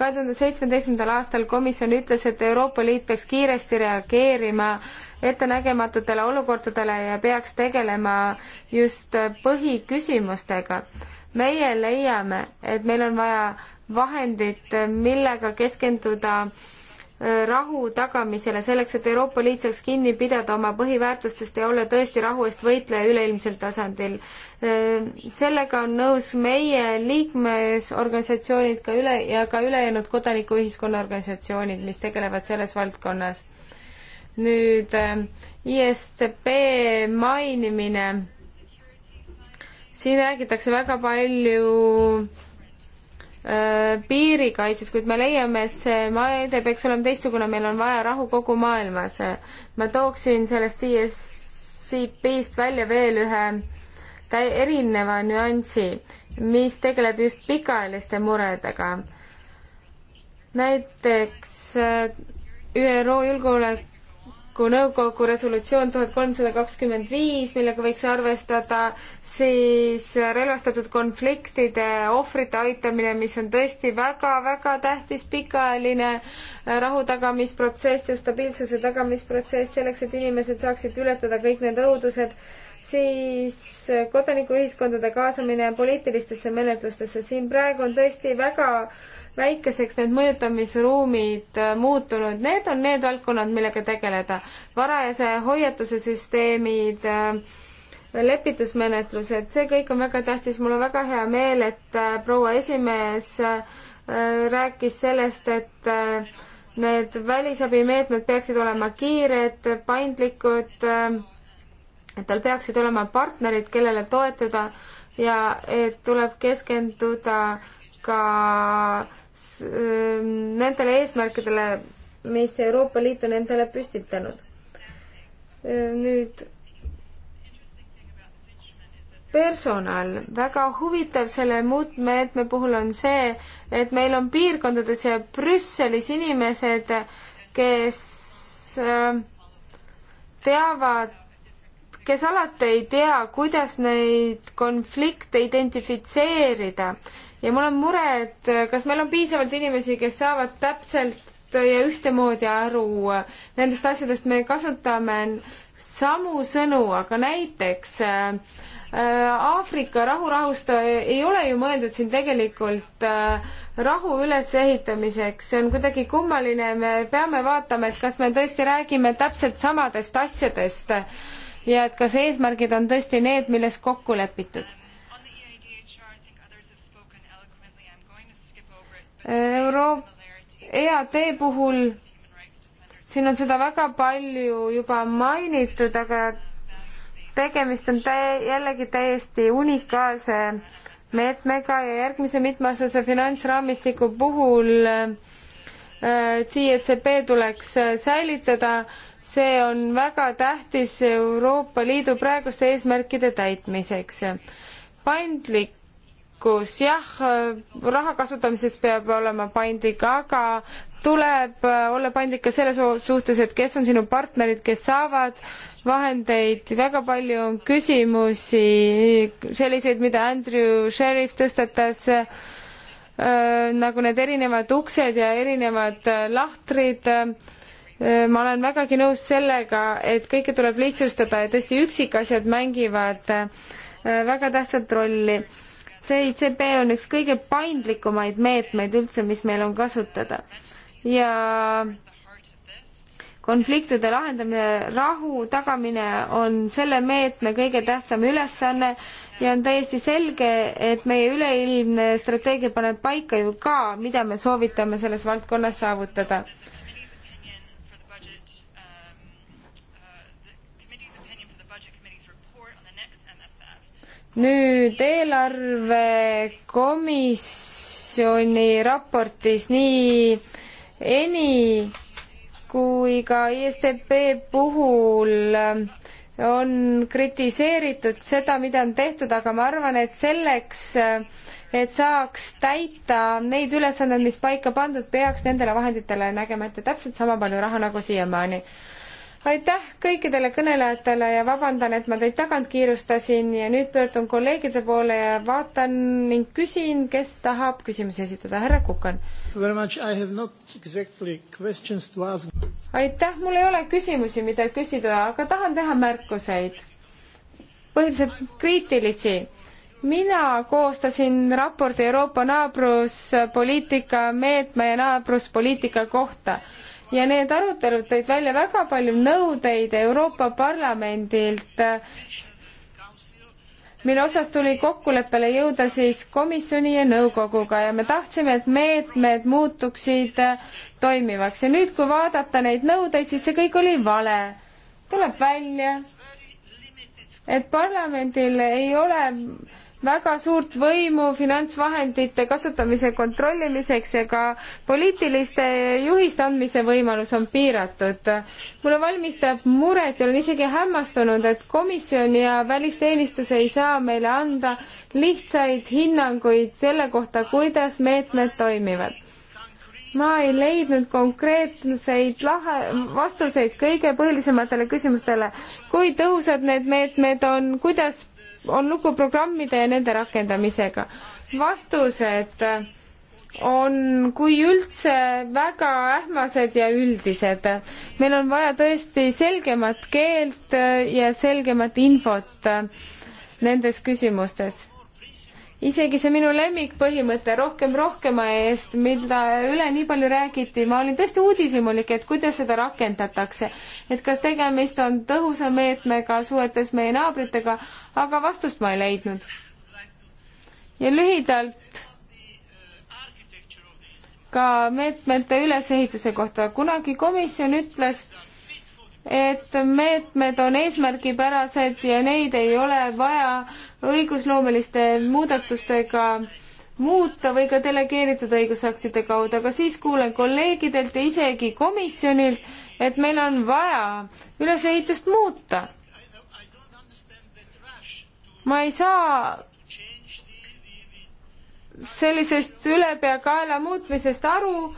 [SPEAKER 2] kahe tuhande seitsmeteistkümnendal aastal komisjon ütles, et Euroopa Liit peaks kiiresti reageerima ettenägematutele olukordadele ja peaks tegelema just põhiküsimustega. meie leiame, et meil on vaja vahendit, millega keskenduda äh, Äh, rahu tagamisele, selleks et Euroopa Liit saaks kinni pidada oma põhiväärtustest ja olla tõesti rahu eest võitleja üleilmsel tasandil. Äh, sellega on nõus meie liikmesorganisatsioonid ka üle ja ka ülejäänud kodanikuühiskonna organisatsioonid, mis tegelevad selles valdkonnas. nüüd äh, ISCP mainimine, siin räägitakse väga palju Äh, piirikaitses, kuid me leiame, et see maade peaks olema teistsugune, meil on vaja rahu kogu maailmas. ma tooksin sellest CSCP-st välja veel ühe erineva nüansi, mis tegeleb just pikaajaliste muredega. näiteks äh, ÜRO julgeolek kui nõukogu resolutsioon tuhat kolmsada kakskümmend viis, millega võiks arvestada, siis relvastatud konfliktide ohvrite aitamine, mis on tõesti väga-väga tähtis pikaajaline äh, rahu tagamisprotsess ja stabiilsuse tagamisprotsess selleks, et inimesed saaksid ületada kõik need õudused, siis äh, kodanikuühiskondade kaasamine poliitilistesse menetlustesse, siin praegu on tõesti väga äh, väikeseks need mõjutamisruumid äh, muutunud, need on need valdkonnad, millega tegeleda. varajase hoiatuse süsteemid, äh, lepitusmenetlused, see kõik on väga tähtis, mul on väga hea meel, et äh, proua esimees rääkis sellest, et need välisabimeetmed peaksid olema kiired, paindlikud, et tal peaksid olema partnerid, kellele toetuda ja et tuleb keskenduda ka nendele eesmärkidele, mis Euroopa Liit on endale püstitanud. nüüd personal, väga huvitav selle muutmeetme puhul on see, et meil on piirkondades ja Brüsselis inimesed, kes teavad kes alati ei tea, kuidas neid konflikte identifitseerida ja mul on mure, et kas meil on piisavalt inimesi, kes saavad täpselt ja ühtemoodi aru nendest asjadest, me kasutame samu sõnu, aga näiteks äh, Aafrika rahurahustaja ei ole ju mõeldud siin tegelikult äh, rahu ülesehitamiseks, see on kuidagi kummaline, me peame vaatama, et kas me tõesti räägime täpselt samadest asjadest ja et kas eesmärgid on tõesti need, milles kokku lepitud. Euro-, EAD puhul siin on seda väga palju juba mainitud, aga tegemist on täie, jällegi täiesti unikaalse meetmega ja järgmise mitmeaastase finantsraamistiku puhul äh, Äh, CECP tuleks äh, säilitada, see on väga tähtis Euroopa Liidu praeguste eesmärkide täitmiseks. paindlik kus jah, äh, raha kasutamises peab olema paindlik, aga tuleb olla paindlik ka selles suhtes, et kes on sinu partnerid, kes saavad vahendeid, väga palju on küsimusi, selliseid, mida Andrew Sheriff tõstatas äh, Äh, nagu need erinevad uksed ja erinevad äh, lahtrid. Äh, ma olen vägagi nõus sellega, et kõike tuleb lihtsustada ja tõesti üksikasjad mängivad väga tähtsat rolli. CICP on üks kõige paindlikumaid meetmeid üldse, mis meil on kasutada ja konfliktide lahendamine, rahu tagamine on selle meetme kõige tähtsam ülesanne ja on täiesti selge, et meie üleilmne strateegia paneb paika ju ka, mida me soovitame selles valdkonnas saavutada nüüd eelarvekomisjoni raportis nii ENI kui ka ISDP puhul on kritiseeritud seda, mida on tehtud, aga ma arvan, et selleks, et saaks täita neid ülesandeid, mis paika pandud, peaks nendele vahenditele nägema ette täpselt sama palju raha nagu siiamaani aitäh kõikidele kõnelejatele ja vabandan, et ma teid tagant kiirustasin ja nüüd pöördun kolleegide poole ja vaatan ning küsin, kes tahab küsimusi esitada, härra Kukan.
[SPEAKER 3] Exactly
[SPEAKER 2] aitäh, mul ei ole küsimusi, mida küsida, aga tahan teha märkuseid, põhiliselt kriitilisi mina koostasin raporti Euroopa naabruspoliitika meetme ja naabruspoliitika kohta ja need arutelud tõid välja väga palju nõudeid Euroopa Parlamendilt, mille osas tuli kokkuleppele jõuda siis komisjoni ja nõukoguga ja me tahtsime, et meetmed muutuksid toimivaks ja nüüd, kui vaadata neid nõudeid, siis see kõik oli vale. tuleb välja, et parlamendil ei ole väga suurt võimu finantsvahendite kasutamise kontrollimiseks ja ka poliitiliste juhiste andmise võimalus on piiratud. mulle valmistab muret ja olen isegi hämmastunud, et komisjon ja välisteenistus ei saa meile anda lihtsaid hinnanguid selle kohta, kuidas meetmed toimivad ma ei leidnud konkreetseid lahe, vastuseid kõige põhilisematele küsimustele, kui tõhusad need meetmed on, kuidas on lugu programmide ja nende rakendamisega. vastused on, kui üldse, väga ähmased ja üldised. meil on vaja tõesti selgemat keelt ja selgemat infot nendes küsimustes isegi see minu lemmikpõhimõte, rohkem rohkema eest, mida üle nii palju räägiti, ma olin tõesti uudishimulik, et kuidas seda rakendatakse. et kas tegemist on tõhusa meetmega suhetes meie naabritega, aga vastust ma ei leidnud. ja lühidalt ka meetmete ülesehituse kohta. kunagi komisjon ütles, et meetmed on eesmärgipärased ja neid ei ole vaja õigusloomeliste muudatustega muuta või ka delegeeritud õigusaktide kaudu, aga siis kuulen kolleegidelt ja isegi komisjonilt, et meil on vaja ülesehitust muuta. ma ei saa sellisest ülepeakaela muutmisest aru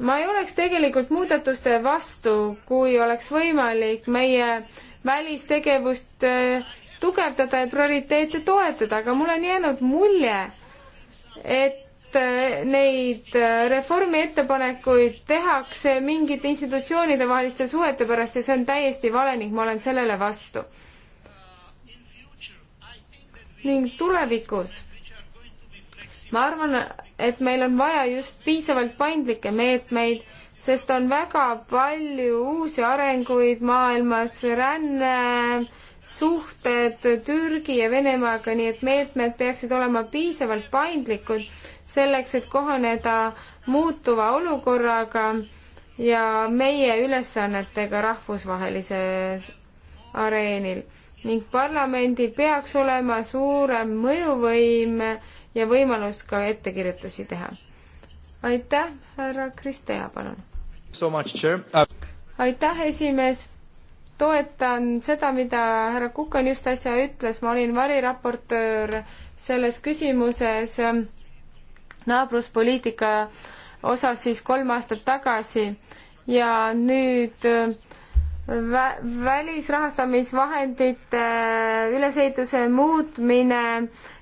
[SPEAKER 2] ma ei oleks tegelikult muudatuste vastu, kui oleks võimalik meie välistegevust äh, tugevdada ja prioriteete toetada, aga mul on jäänud mulje, et äh, neid äh, reformi ettepanekuid tehakse mingite institutsioonide vaheliste suhete pärast ja see on täiesti vale ning ma olen sellele vastu. ning tulevikus ma arvan, et meil on vaja just piisavalt paindlikke meetmeid, sest on väga palju uusi arenguid maailmas, ränne, suhted Türgi ja Venemaaga, nii et meetmed peaksid olema piisavalt paindlikud selleks, et kohaneda muutuva olukorraga ja meie ülesannetega rahvusvahelises areenil ning parlamendi peaks olema suurem mõjuvõim ja võimalus ka ettekirjutusi teha. aitäh, härra Kristea, palun! Uh, aitäh, esimees! toetan seda, mida härra Kukan just äsja ütles, ma olin variraportöör selles küsimuses ähm, naabruspoliitika osas siis kolm aastat tagasi ja nüüd ähm, vä-, välisrahastamisvahendite ülesehituse muutmine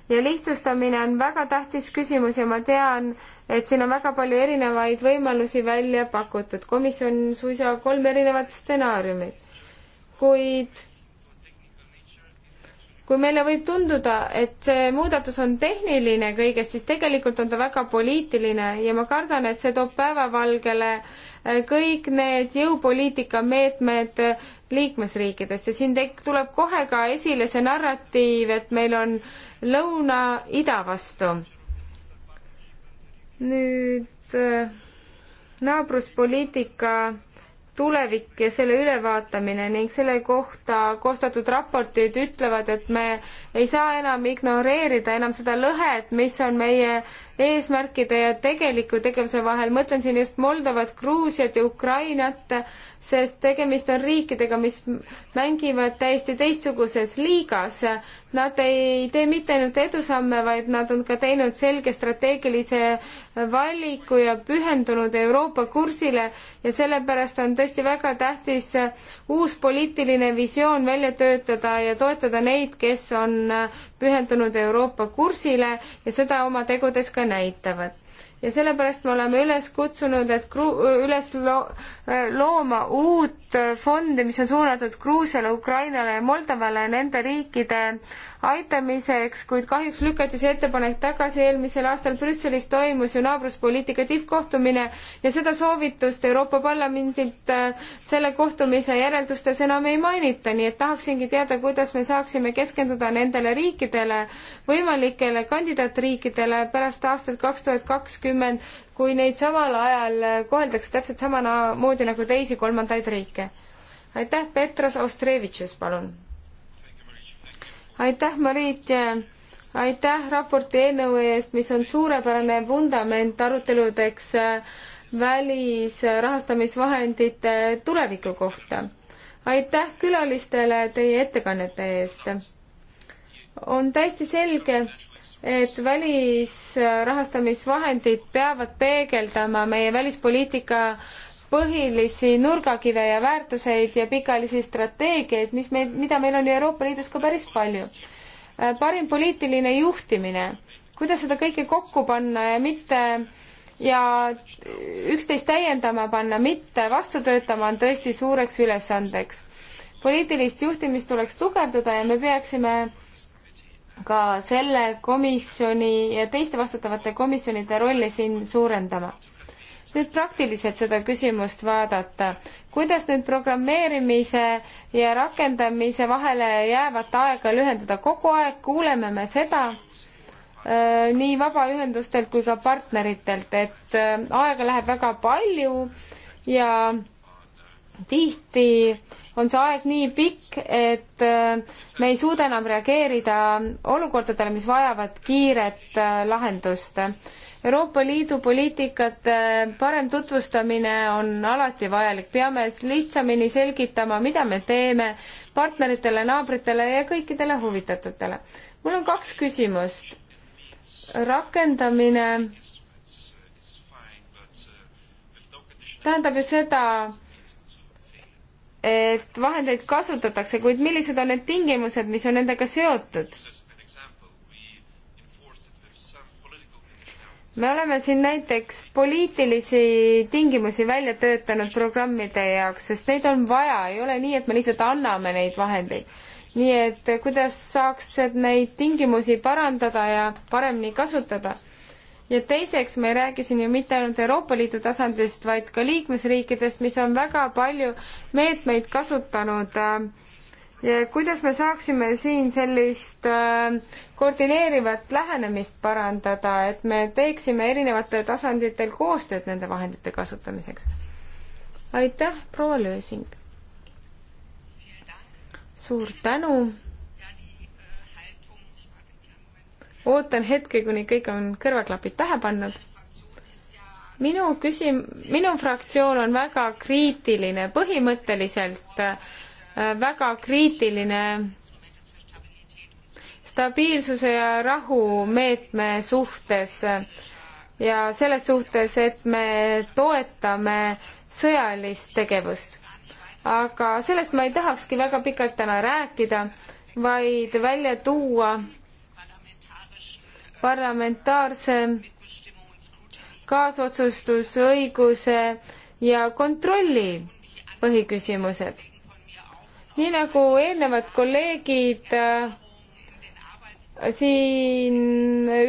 [SPEAKER 2] ja lihtsustamine on väga tähtis küsimus ja ma tean, et siin on väga palju erinevaid võimalusi välja pakutud. komisjon suisa kolm erinevat stsenaariumit. kuid kui meile võib tunduda, et see muudatus on tehniline kõigest, siis tegelikult on ta väga poliitiline ja ma kardan, et see toob päevavalgele kõik need jõupoliitika meetmed, liikmesriikidest ja siin tek-, tuleb kohe ka esile see narratiiv, et meil on lõuna ida vastu. nüüd äh, naabruspoliitika tulevik ja selle ülevaatamine ning selle kohta koostatud raportid ütlevad, et me ei saa enam ignoreerida enam seda lõhet, mis on meie eesmärkide ja tegeliku tegevuse vahel, mõtlen siin just Moldovat, Gruusiat ja Ukrainat, sest tegemist on riikidega, mis mängivad täiesti teistsuguses liigas. Nad ei tee mitte ainult edusamme, vaid nad on ka teinud selge strateegilise valiku ja pühendunud Euroopa kursile ja sellepärast on tõesti väga tähtis uus poliitiline visioon välja töötada ja toetada neid, kes on pühendunud Euroopa kursile ja seda oma tegudes ka näitavad. ja sellepärast me oleme üles kutsunud, et gru-, üles lo-, looma uut fondi, mis on suunatud Gruusiale, Ukrainale ja Moldovale, nende riikide aitamiseks, kuid kahjuks lükati see ettepanek tagasi. eelmisel aastal Brüsselis toimus ju naabruspoliitika tippkohtumine ja seda soovitust Euroopa Parlamendilt äh, selle kohtumise järeldustes enam ei mainita, nii et tahaksingi teada, kuidas me saaksime keskenduda nendele riikidele, võimalikele kandidaatriikidele pärast aastat kaks tuhat kakskümmend, kui neid samal ajal äh, koheldakse täpselt samamoodi nagu teisi kolmandaid riike. aitäh, Petras Ostrevitšus, palun aitäh, Marit ja aitäh raporti eelnõu eest, mis on suurepärane vundament aruteludeks äh, välisrahastamisvahendite tuleviku kohta. aitäh külalistele teie ettekannete eest. on täiesti selge, et välisrahastamisvahendid peavad peegeldama meie välispoliitika põhilisi nurgakive ja väärtuseid ja pikaajalisi strateegiaid, mis meil, mida meil on ju Euroopa Liidus ka päris palju. Äh, parim poliitiline juhtimine, kuidas seda kõike kokku panna ja mitte ja üksteist täiendama panna, mitte vastu töötama, on tõesti suureks ülesandeks. poliitilist juhtimist tuleks tugevdada ja me peaksime ka selle komisjoni ja teiste vastutavate komisjonide rolli siin suurendama nüüd praktiliselt seda küsimust vaadata, kuidas nüüd programmeerimise ja rakendamise vahele jäävat aega lühendada, kogu aeg kuuleme me seda äh, nii vabaühendustelt kui ka partneritelt, et äh, aega läheb väga palju ja tihti on see aeg nii pikk, et äh, me ei suuda enam reageerida olukordadele, mis vajavad kiiret äh, lahendust. Euroopa Liidu poliitikate äh, parem tutvustamine on alati vajalik, peame lihtsamini selgitama, mida me teeme partneritele, naabritele ja kõikidele huvitatutele. mul on kaks küsimust. rakendamine tähendab ju seda, et vahendeid kasutatakse, kuid millised on need tingimused, mis on nendega seotud? me oleme siin näiteks poliitilisi tingimusi välja töötanud programmide jaoks, sest neid on vaja, ei ole nii, et me lihtsalt anname neid vahendeid. nii et kuidas saaks neid tingimusi parandada ja paremini kasutada ja teiseks, me ei räägi siin ju mitte ainult Euroopa Liidu tasandist, vaid ka liikmesriikidest, mis on väga palju meetmeid kasutanud äh, ja kuidas me saaksime siin sellist äh, koordineerivat lähenemist parandada, et me teeksime erinevatel tasanditel koostööd nende vahendite kasutamiseks? aitäh, proua Lösing! suur tänu! ootan hetke, kuni kõik on kõrvaklapid pähe pannud minu küsim-, minu fraktsioon on väga kriitiline põhimõtteliselt äh, Äh, väga kriitiline stabiilsuse ja rahu meetme suhtes ja selles suhtes, et me toetame sõjalist tegevust. aga sellest ma ei tahakski väga pikalt täna rääkida, vaid välja tuua parlamentaarse kaasotsustusõiguse ja kontrolli põhiküsimused nii nagu eelnevad kolleegid äh, siin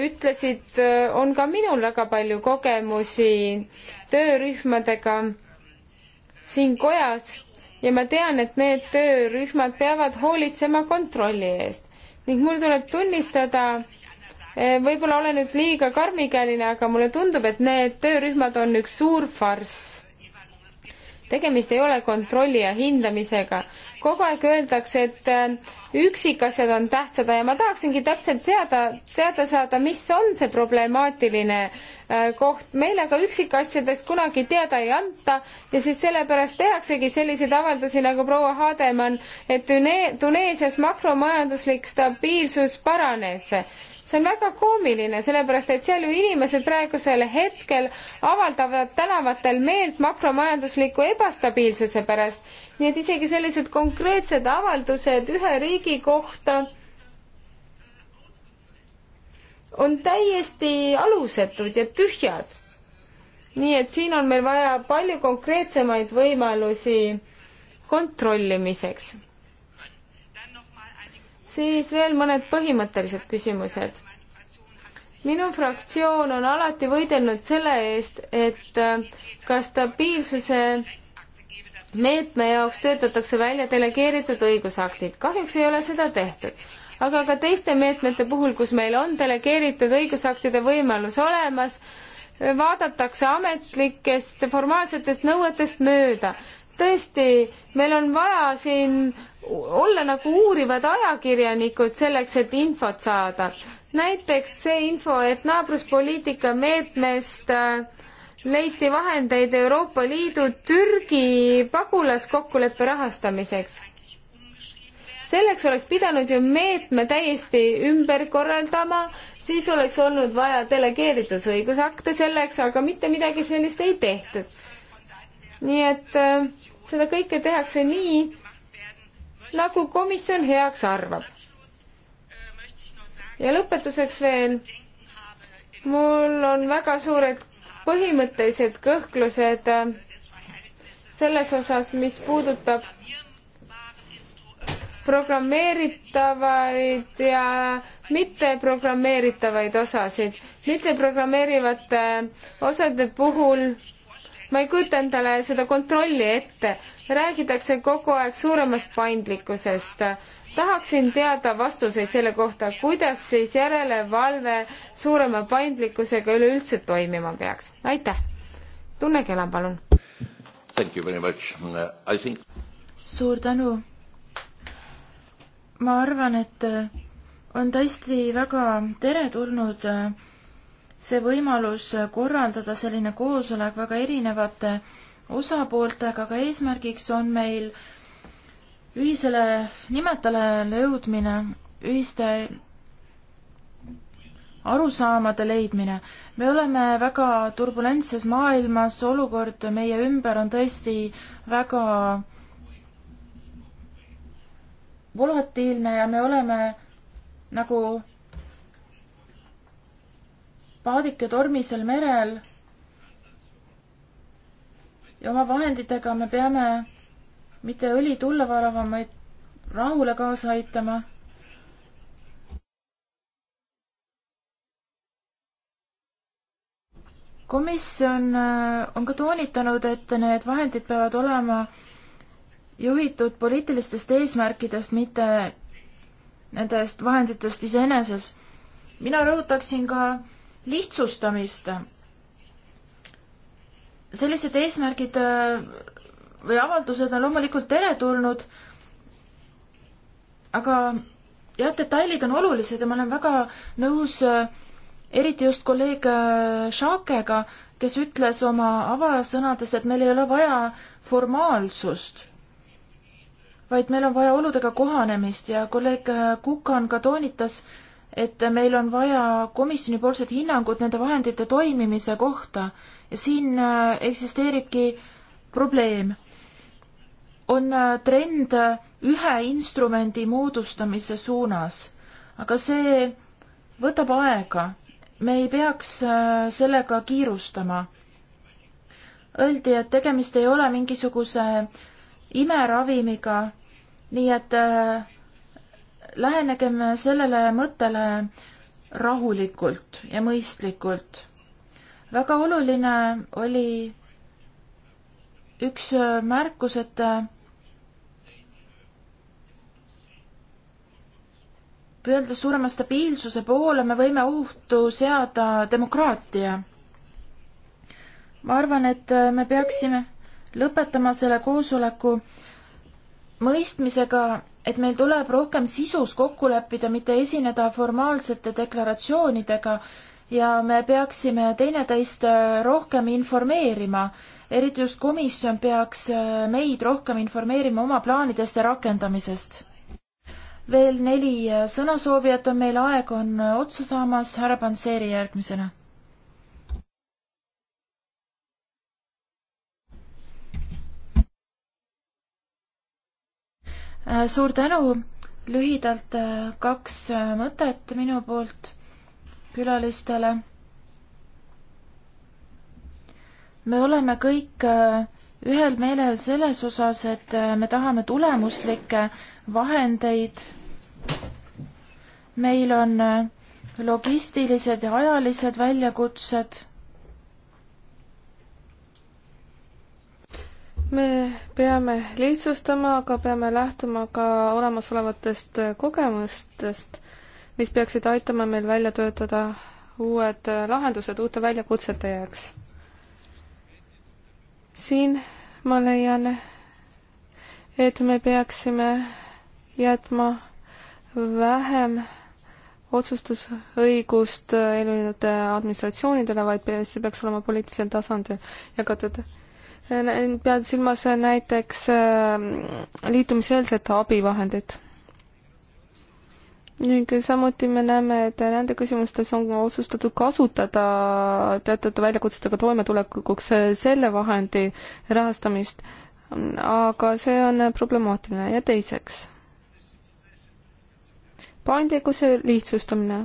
[SPEAKER 2] ütlesid, äh, on ka minul väga palju kogemusi töörühmadega siin kojas ja ma tean, et need töörühmad peavad hoolitsema kontrolli eest ning mul tuleb tunnistada, äh, võib-olla olen nüüd liiga karmikäeline, aga mulle tundub, et need töörühmad on üks suur farss tegemist ei ole kontrolli ja hindamisega. kogu aeg öeldakse, et äh, üksikasjad on tähtsad ja ma tahaksingi täpselt seada, teada saada, mis on see problemaatiline äh, koht. meile ka üksikasjadest kunagi teada ei anta ja siis sellepärast tehaksegi selliseid avaldusi nagu proua Hademann, et Tuneesias makromajanduslik stabiilsus paranes see on väga koomiline, sellepärast et seal ju inimesed praegusel hetkel avaldavad tänavatel meelt makromajandusliku ebastabiilsuse pärast. nii et isegi sellised konkreetsed avaldused ühe riigi kohta on täiesti alusetud ja tühjad. nii et siin on meil vaja palju konkreetsemaid võimalusi kontrollimiseks siis veel mõned põhimõttelised küsimused. minu fraktsioon on alati võidelnud selle eest, et äh, ka stabiilsuse meetme jaoks töötatakse välja delegeeritud õigusaktid. kahjuks ei ole seda tehtud. aga ka teiste meetmete puhul, kus meil on delegeeritud õigusaktide võimalus olemas, vaadatakse ametlikest formaalsetest nõuetest mööda. tõesti, meil on vaja siin olla nagu uurivad ajakirjanikud selleks, et infot saada. näiteks see info, et naabruspoliitika meetmest äh, leiti vahendeid Euroopa Liidu Türgi pagulaskokkuleppe rahastamiseks. selleks oleks pidanud ju meetme täiesti ümber korraldama, siis oleks olnud vaja delegeeritusõigusakte selleks, aga mitte midagi sellist ei tehtud. nii et äh, seda kõike tehakse nii, nagu komisjon heaks arvab. ja lõpetuseks veel, mul on väga suured põhimõttelised kõhklused äh, selles osas, mis puudutab programmeeritavaid ja mitteprogrammeeritavaid osasid. mitteprogrammeerivate osade puhul ma ei kujuta endale seda kontrolli ette räägitakse kogu aeg suuremast paindlikkusest. tahaksin teada vastuseid selle kohta, kuidas siis järelevalve suurema paindlikkusega üleüldse toimima peaks. aitäh. Tunne
[SPEAKER 3] Kela, palun.
[SPEAKER 1] Think...
[SPEAKER 3] suur tänu. ma arvan, et äh, on tõesti väga teretulnud äh, see võimalus korraldada selline koosolek väga erinevate osapooltega, aga eesmärgiks on meil ühisele nimetajale jõudmine, ühiste arusaamade leidmine. me oleme väga turbulentses maailmas, olukord meie ümber on tõesti väga volatiilne ja me oleme nagu paadike tormisel merel ja oma vahenditega me peame mitte õli tulla valama, vaid rahule kaasa aitama. komisjon äh, on ka toonitanud, et need vahendid peavad olema juhitud poliitilistest eesmärkidest, mitte nendest vahenditest iseeneses. mina rõhutaksin ka lihtsustamist sellised eesmärgid äh, või avaldused on loomulikult teretulnud, aga jah, detailid on olulised ja ma olen väga nõus äh, eriti just kolleeg Šakega, äh, kes ütles oma avasõnades, et meil ei ole vaja formaalsust, vaid meil on vaja oludega kohanemist ja kolleeg Kukan ka toonitas, et meil on vaja komisjonipoolset hinnangut nende vahendite toimimise kohta ja siin äh, eksisteeribki probleem. on äh, trend ühe instrumendi moodustamise suunas, aga see võtab aega. me ei peaks äh, sellega kiirustama. Öeldi, et tegemist ei ole mingisuguse imeravimiga, nii et äh, lähenegem sellele mõttele rahulikult ja mõistlikult. väga oluline oli üks märkus, et püüeldes suurema stabiilsuse poole, me võime ohtu seada demokraatia. ma arvan, et me peaksime lõpetama selle koosoleku äh, mõistmisega, et meil tuleb rohkem sisus kokku leppida, mitte esineda formaalsete deklaratsioonidega ja me peaksime teineteist äh, rohkem informeerima, eriti just komisjon peaks äh, meid rohkem informeerima oma plaanidest ja rakendamisest. veel neli äh, sõnasoovijat on meil, aeg on otsa saamas, härra Panseri järgmisena Äh, suur tänu, lühidalt äh, kaks äh, mõtet minu poolt külalistele. me oleme kõik ühel meelel selles osas, et me tahame tulemuslikke vahendeid. meil on logistilised ja ajalised väljakutsed me peame lihtsustama, aga peame lähtuma
[SPEAKER 4] ka olemasolevatest kogemustest, mis peaksid aitama meil välja töötada uued lahendused uute väljakutsete jaoks. siin ma leian, et me peaksime jätma vähem otsustusõigust eelmine administratsioonidele, vaid see peaks olema poliitilisel tasandil jagatud ja pean silmas näiteks äh, liitumiseelset abivahendit. ning samuti me näeme, et nende küsimustes on otsustatud kasutada teatud väljakutsetega toimetulekuks selle vahendi rahastamist, aga see on problemaatiline ja teiseks, paindlikkuse lihtsustamine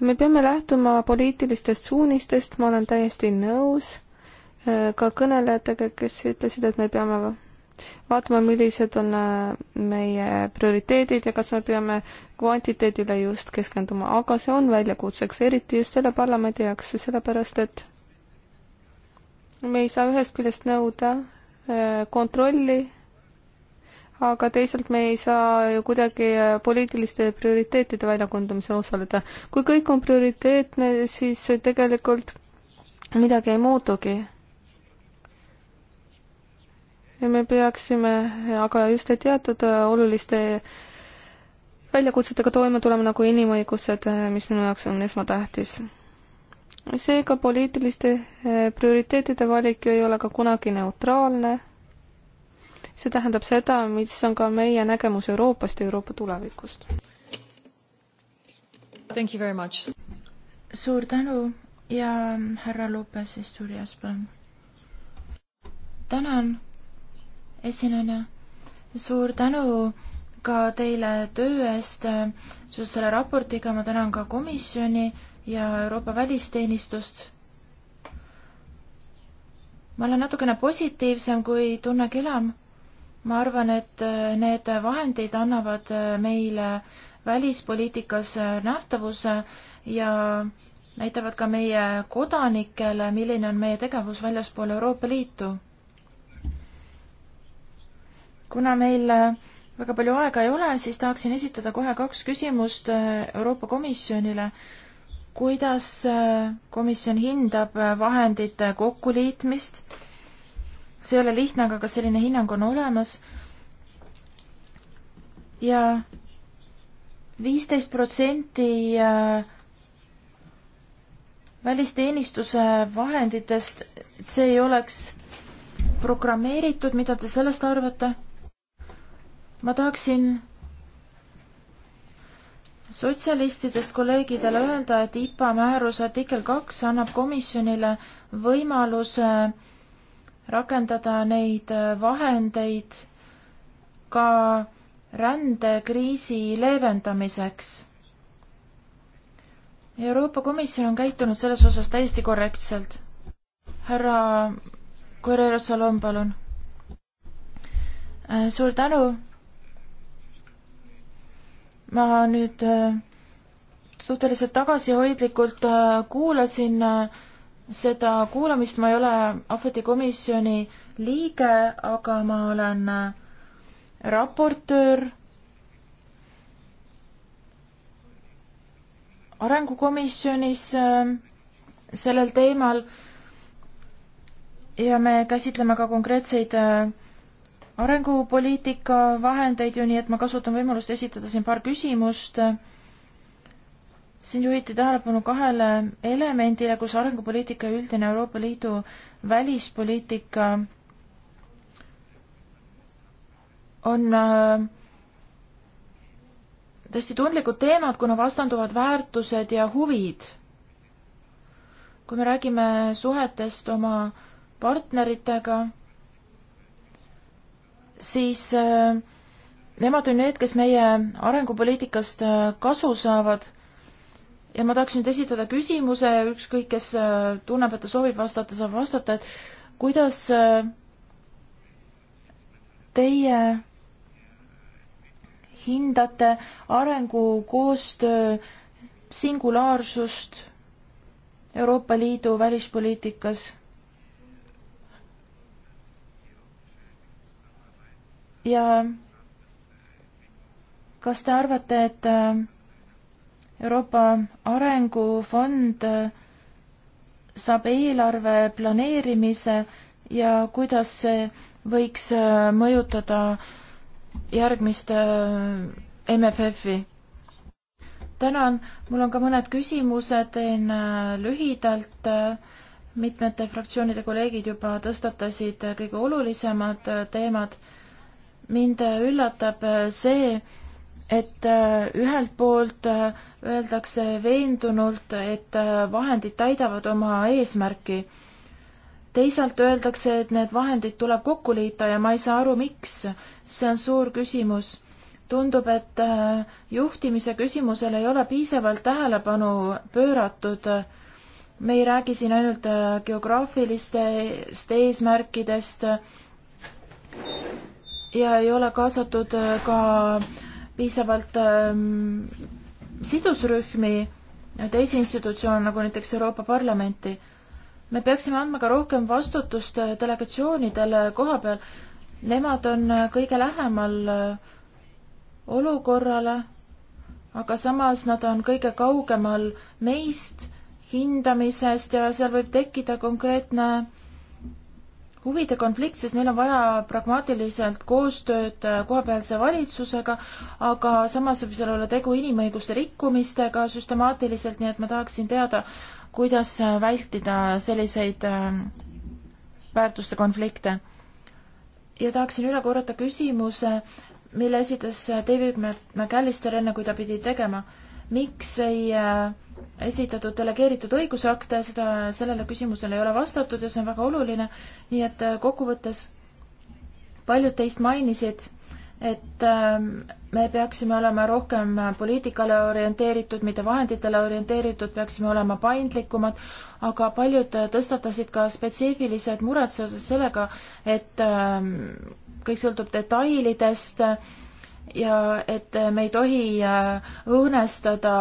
[SPEAKER 4] me peame lähtuma poliitilistest suunistest, ma olen täiesti nõus Äh, ka kõnelejatega, kes ütlesid, et me peame vaatama, millised on äh, meie prioriteedid ja kas me peame kvantiteedile just keskenduma, aga see on väljakutseks, eriti just selle parlamendi jaoks, sellepärast et me ei saa ühest küljest nõuda äh, kontrolli, aga teisalt me ei saa ju kuidagi poliitiliste prioriteetide väljakujundamisel osaleda. kui kõik on prioriteetne, siis tegelikult midagi ei muutugi me peaksime aga just teatud äh, oluliste väljakutsetega toime tulema, nagu inimõigused, äh, mis minu jaoks on esmatähtis. seega poliitiliste äh, prioriteetide valik ju ei ole ka kunagi neutraalne. see tähendab seda, mis on ka meie nägemus Euroopast ja Euroopa tulevikust.
[SPEAKER 3] suur tänu ja härra Lopez Isturias, palun. tänan esinejana. suur tänu ka teile töö eest äh, seoses selle raportiga, ma tänan ka komisjoni ja Euroopa välisteenistust. ma olen natukene positiivsem kui Tunne Kilam. ma arvan, et äh, need vahendid annavad äh, meile välispoliitikas nähtavuse ja näitavad ka meie kodanikele, milline on meie tegevus väljaspool Euroopa Liitu kuna meil äh, väga palju aega ei ole, siis tahaksin esitada kohe kaks küsimust äh, Euroopa Komisjonile. kuidas äh, komisjon hindab vahendite kokkuliitmist? see ei ole lihtne, aga kas selline hinnang on olemas? ja viisteist protsenti välisteenistuse vahenditest, et see ei oleks programmeeritud, mida te sellest arvate? ma tahaksin sotsialistidest kolleegidele öelda, et IPA määruse artikkel kaks annab komisjonile võimaluse rakendada neid vahendeid ka rändekriisi leevendamiseks. Euroopa Komisjon on käitunud selles osas täiesti korrektselt. härra Guerrero Salom, palun. suur tänu ma nüüd äh, suhteliselt tagasihoidlikult äh, kuulasin äh, seda kuulamist, ma ei ole ahvetikomisjoni liige, aga ma olen raportöör arengukomisjonis sellel teemal ja me käsitleme ka konkreetseid arengupoliitika vahendeid ju, nii et ma kasutan võimalust esitada siin paar küsimust. siin juhiti tähelepanu kahele elemendile, kus arengupoliitika ja üldine Euroopa Liidu välispoliitika on äh, tõesti tundlikud teemad, kuna vastanduvad väärtused ja huvid. kui me räägime suhetest oma partneritega siis äh, nemad on need, kes meie arengupoliitikast äh, kasu saavad. ja ma tahaks nüüd esitada küsimuse, ükskõik, kes äh, tunneb, et ta soovib vastata, saab vastata, et kuidas teie hindate arengukoostöö singulaarsust Euroopa Liidu välispoliitikas? ja kas te arvate, et äh, Euroopa Arengufond äh, saab eelarve planeerimise ja kuidas see võiks äh, mõjutada järgmist MFF-i? tänan, mul on ka mõned küsimused, teen lühidalt. mitmete fraktsioonide kolleegid juba tõstatasid kõige olulisemad teemad mind üllatab äh, see, et äh, ühelt poolt äh, öeldakse veendunult, et vahendid täidavad oma eesmärki. teisalt öeldakse, et need vahendid tuleb kokku liita ja ma ei saa aru, miks. see on suur küsimus. tundub, et juhtimise küsimusele ei ole piisavalt tähelepanu pööratud. me ei räägi siin ainult geograafilistest eesmärkidest ja ei ole kaasatud äh, ka piisavalt ähm, sidusrühmi, teisi institutsioone, nagu näiteks Euroopa Parlamenti. me peaksime andma ka rohkem vastutust äh, delegatsioonidele koha peal. Nemad on äh, kõige lähemal olukorrale, aga samas nad on kõige kaugemal meist, hindamisest ja seal võib tekkida konkreetne äh, huvide konflikt, sest neil on vaja pragmaatiliselt koostööd äh, kohapealse valitsusega, aga samas võib seal olla tegu inimõiguste rikkumistega süstemaatiliselt, nii et ma tahaksin teada, kuidas äh, vältida selliseid äh, väärtuste konflikte. ja tahaksin üle korrata küsimuse, mille esitas David McAllister enne, kui ta pidi tegema miks ei äh, esitatud delegeeritud õigusakte, seda, sellele küsimusele ei ole vastatud ja see on väga oluline, nii et äh, kokkuvõttes paljud teist mainisid, et ähm, me peaksime olema rohkem äh, poliitikale orienteeritud, mitte vahenditele orienteeritud, peaksime olema paindlikumad, aga paljud tõstatasid ka spetsiifilised mured seoses sellega, et ähm, kõik sõltub detailidest, ja et me ei tohi äh, õõnestada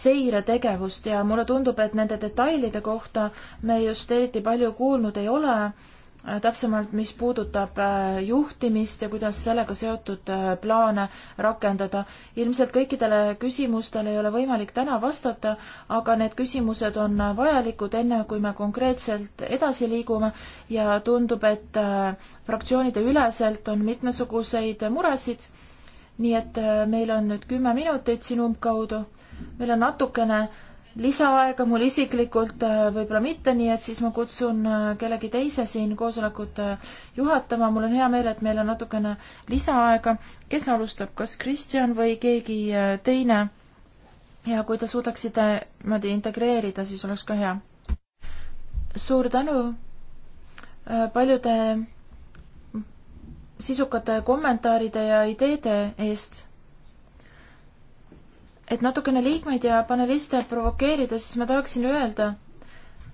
[SPEAKER 3] seiretegevust ja mulle tundub, et nende detailide kohta me just eriti palju kuulnud ei ole täpsemalt, mis puudutab äh, juhtimist ja kuidas sellega seotud äh, plaane rakendada. ilmselt kõikidele küsimustele ei ole võimalik täna vastata, aga need küsimused on vajalikud, enne kui me konkreetselt edasi liigume ja tundub, et äh, fraktsioonide üleselt on mitmesuguseid muresid. nii et meil on nüüd kümme minutit siin umbkaudu. meil on natukene lisaaega mul isiklikult äh, võib-olla mitte, nii et siis ma kutsun äh, kellegi teise siin koosolekut äh, juhatama. mul on hea meel, et meil on natukene lisaaega. kes alustab, kas Kristjan või keegi teine? ja kui te suudaksite niimoodi integreerida, siis oleks ka hea. suur tänu paljude sisukate kommentaaride ja ideede eest et natukene liikmeid ja paneliste provokeerida, siis ma tahaksin öelda,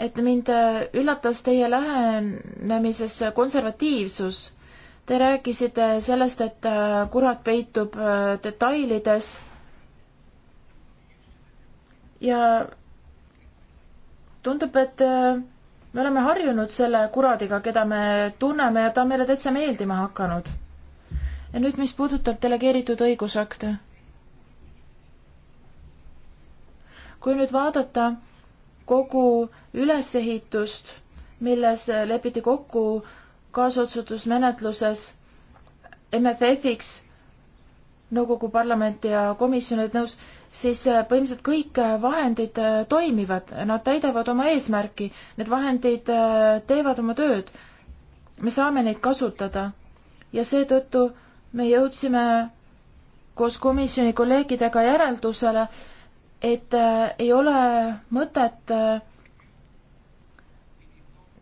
[SPEAKER 3] et mind äh, üllatas teie lähenemises konservatiivsus. Te rääkisite sellest, et äh, kurat peitub äh, detailides ja tundub, et me oleme harjunud selle kuradiga, keda me tunneme ja ta on meile täitsa meeldima hakanud. ja nüüd, mis puudutab delegeeritud õigusakte kui nüüd vaadata kogu ülesehitust, milles lepiti kokku kaasotsutusmenetluses MFF-iks, nõukogu, parlament ja komisjon olid nõus, siis põhimõtteliselt kõik vahendid toimivad, nad täidavad oma eesmärki, need vahendid teevad oma tööd. me saame neid kasutada ja seetõttu me jõudsime koos komisjoni kolleegidega järeldusele, et äh, ei ole mõtet äh,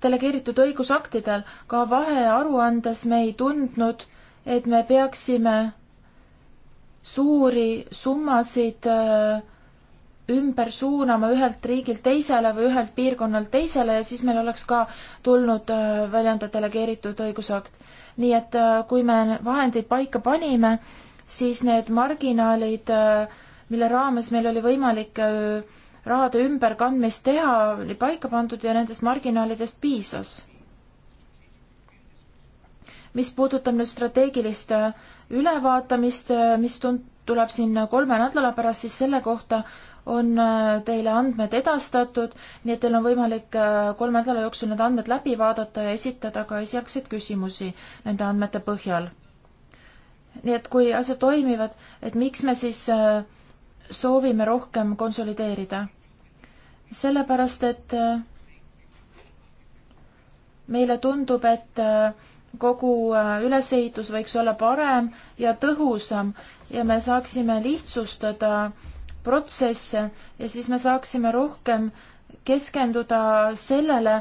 [SPEAKER 3] delegeeritud õigusaktidel, ka vahearuandes me ei tundnud, et me peaksime suuri summasid äh, ümber suunama ühelt riigilt teisele või ühelt piirkonnalt teisele ja siis meil oleks ka tulnud väljenda delegeeritud õigusakt. nii et kui me vahendid paika panime, siis need marginaalid äh, mille raames meil oli võimalik äh, rahade ümberkandmist teha, oli paika pandud ja nendest marginaalidest piisas. mis puudutab nüüd strateegilist äh, ülevaatamist, äh, mis tun-, tuleb siin kolme nädala pärast, siis selle kohta on teile andmed edastatud, nii et teil on võimalik kolme nädala jooksul need andmed läbi vaadata ja esitada ka esialgseid küsimusi nende andmete põhjal. nii et kui asjad toimivad, et miks me siis äh, soovime rohkem konsolideerida. sellepärast, et äh, meile tundub, et äh, kogu äh, ülesehitus võiks olla parem ja tõhusam ja me saaksime lihtsustada protsesse ja siis me saaksime rohkem keskenduda sellele,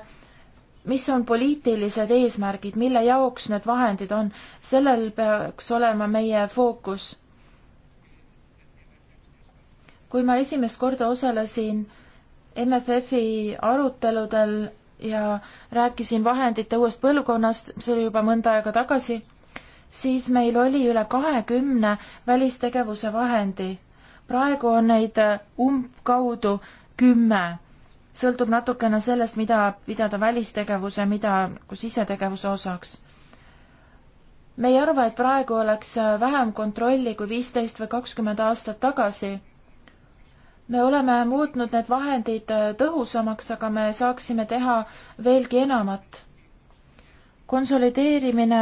[SPEAKER 3] mis on poliitilised eesmärgid, mille jaoks need vahendid on, sellel peaks olema meie fookus kui ma esimest korda osalesin MFF-i aruteludel ja rääkisin vahendite uuest põlvkonnast, see oli juba mõnda aega tagasi, siis meil oli üle kahekümne välistegevuse vahendi. praegu on neid äh, umbkaudu kümme. sõltub natukene sellest, mida pidada välistegevuse, mida nagu sisetegevuse osaks. me ei arva, et praegu oleks äh, vähem kontrolli kui viisteist või kakskümmend aastat tagasi me oleme muutnud need vahendid äh, tõhusamaks, aga me saaksime teha veelgi enamat. konsolideerimine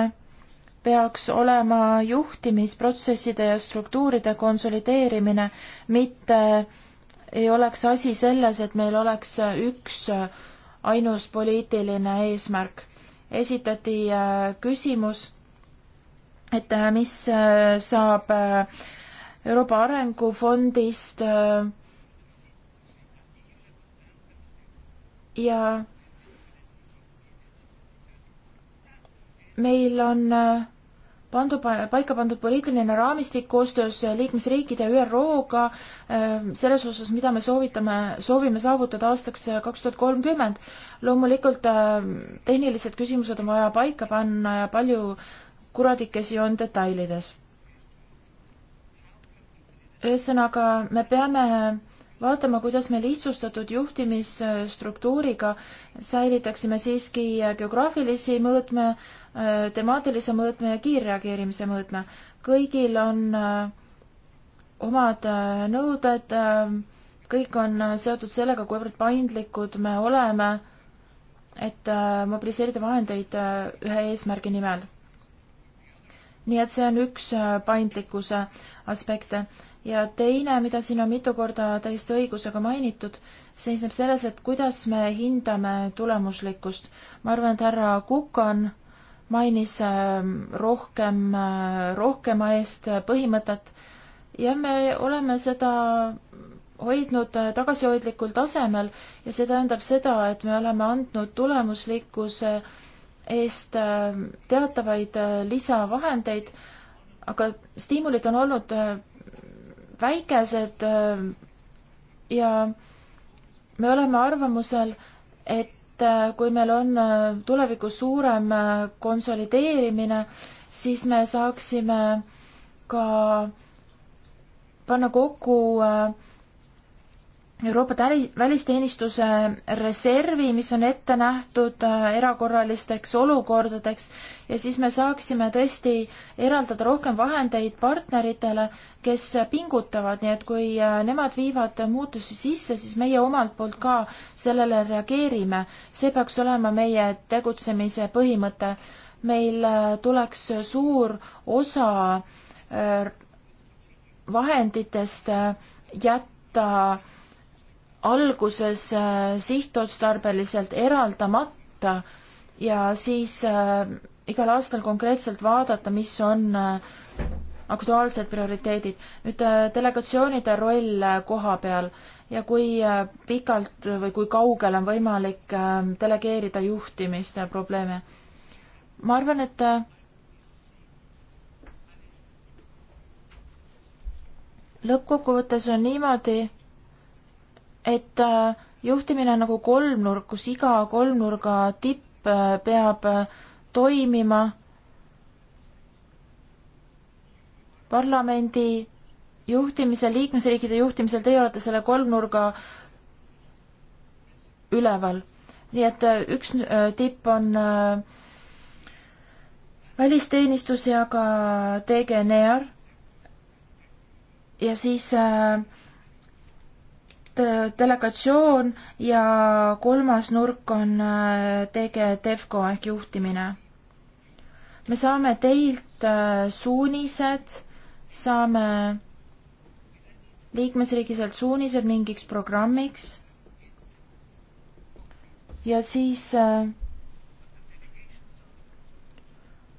[SPEAKER 3] peaks olema juhtimisprotsesside ja struktuuride konsolideerimine, mitte ei oleks asi selles, et meil oleks äh, üks äh, ainus poliitiline eesmärk. esitati küsimus, et mis saab Euroopa Arengufondist äh, ja meil on äh, pandu, paika pandud poliitiline raamistik koostöös äh, liikmesriikide ÜRO-ga äh, selles osas, mida me soovitame, soovime saavutada aastaks kaks tuhat kolmkümmend. loomulikult tehnilised küsimused on vaja paika panna ja palju kuradikesi on detailides. ühesõnaga, me peame vaatama, kuidas me lihtsustatud juhtimisstruktuuriga säilitaksime siiski geograafilisi mõõtme, äh, temaatilise mõõtme ja kiirreageerimise mõõtme. kõigil on äh, omad äh, nõuded, kõik on seotud sellega, kuivõrd paindlikud me oleme, et mobiliseerida vahendeid ühe eesmärgi nimel. nii et see on üks paindlikkuse aspekte ja teine, mida siin on mitu korda täiesti õigusega mainitud, seisneb selles, et kuidas me hindame tulemuslikkust. ma arvan, et härra Kukan mainis ähm, rohkem, äh, rohkema eest äh, põhimõtet ja me oleme seda hoidnud äh, tagasihoidlikul tasemel ja see tähendab seda, et me oleme andnud tulemuslikkuse eest teatavaid lisavahendeid, aga stiimulid on olnud väikesed äh, ja me oleme arvamusel, et äh, kui meil on äh, tulevikus suurem konsolideerimine, siis me saaksime ka panna kokku äh, Euroopa täli-, välisteenistuse reservi, mis on ette nähtud äh, erakorralisteks olukordadeks ja siis me saaksime tõesti eraldada rohkem vahendeid partneritele, kes pingutavad, nii et kui äh, nemad viivad muutusi sisse, siis meie omalt poolt ka sellele reageerime. see peaks olema meie tegutsemise põhimõte. meil äh, tuleks suur osa vahenditest jätta alguses äh, sihtotstarbeliselt eraldamata ja siis äh, igal aastal konkreetselt vaadata, mis on äh, aktuaalsed prioriteedid. nüüd delegatsioonide roll koha peal ja kui pikalt või kui kaugel on võimalik delegeerida juhtimist ja probleeme. ma arvan, et lõppkokkuvõttes on niimoodi, et äh, juhtimine on nagu kolmnurk, kus iga kolmnurga tipp äh, peab äh, toimima parlamendi juhtimisel, liikmesriikide juhtimisel, teie olete selle kolmnurga üleval. nii et üks tipp on välisteenistus ja ka DGNR e ja siis äh, Äh, delegatsioon ja kolmas nurk on äh, tege Devco ehk juhtimine. me saame teilt äh, suunised, saame liikmesriigiselt suunised mingiks programmiks ja siis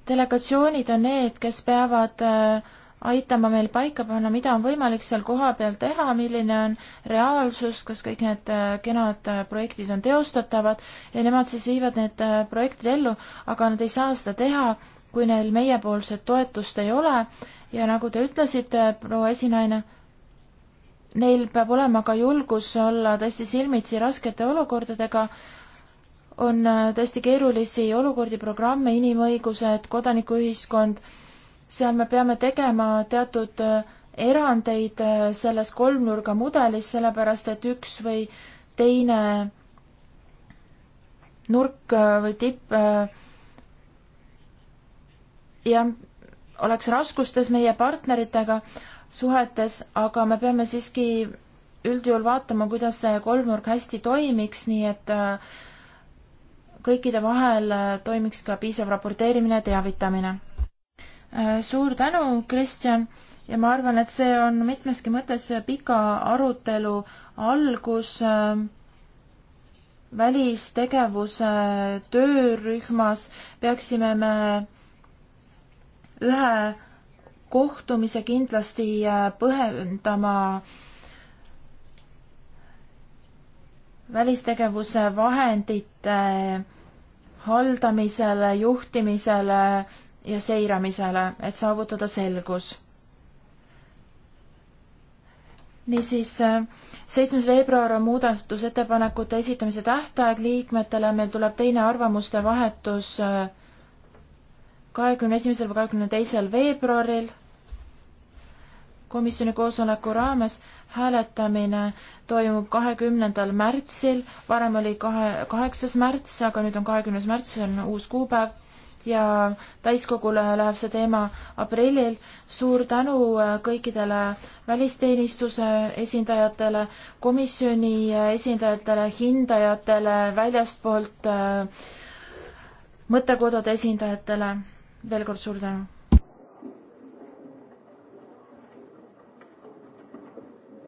[SPEAKER 3] delegatsioonid on need, kes peavad äh, aitama meil paika panna, mida on võimalik seal kohapeal teha, milline on reaalsus, kas kõik need äh, kenad äh, projektid on teostatavad ja nemad siis viivad need äh, projektid ellu, aga nad ei saa seda teha, kui neil meiepoolset toetust ei ole ja nagu te ütlesite, proua esinaine, neil peab olema ka julgus olla tõesti silmitsi raskete olukordadega, on tõesti keerulisi olukordi, programme, inimõigused, kodanikuühiskond seal me peame tegema teatud äh, erandeid äh, selles kolmnurga mudelis, sellepärast et üks või teine nurk äh, või tipp jah, oleks raskustes meie partneritega suhetes, aga me peame siiski üldjuhul vaatama, kuidas see kolmnurk hästi toimiks, nii et kõikide vahel toimiks ka piisav raporteerimine ja teavitamine Äh, suur tänu, Kristjan, ja ma arvan, et see on mitmeski mõttes pika arutelu algus äh, välistegevuse töörühmas peaksime me ühe kohtumise kindlasti äh, põhjendama välistegevuse vahendite haldamisele, juhtimisele, ja seiramisele, et saavutada selgus. niisiis, äh, seitsmes veebruar on muudatusettepanekute esitamise tähtaeg liikmetele, meil tuleb teine arvamuste vahetus äh, kahekümne esimesel või kahekümne teisel veebruaril komisjoni koosoleku raames hääletamine toimub kahekümnendal märtsil, varem oli kahe, kaheksas märts, aga nüüd on kahekümnes märts, see on uus kuupäev ja täiskogule läheb see teema aprillil. suur tänu äh, kõikidele välisteenistuse esindajatele, komisjoni äh, esindajatele, hindajatele, väljastpoolt äh, mõttekodade esindajatele. veel kord suur tänu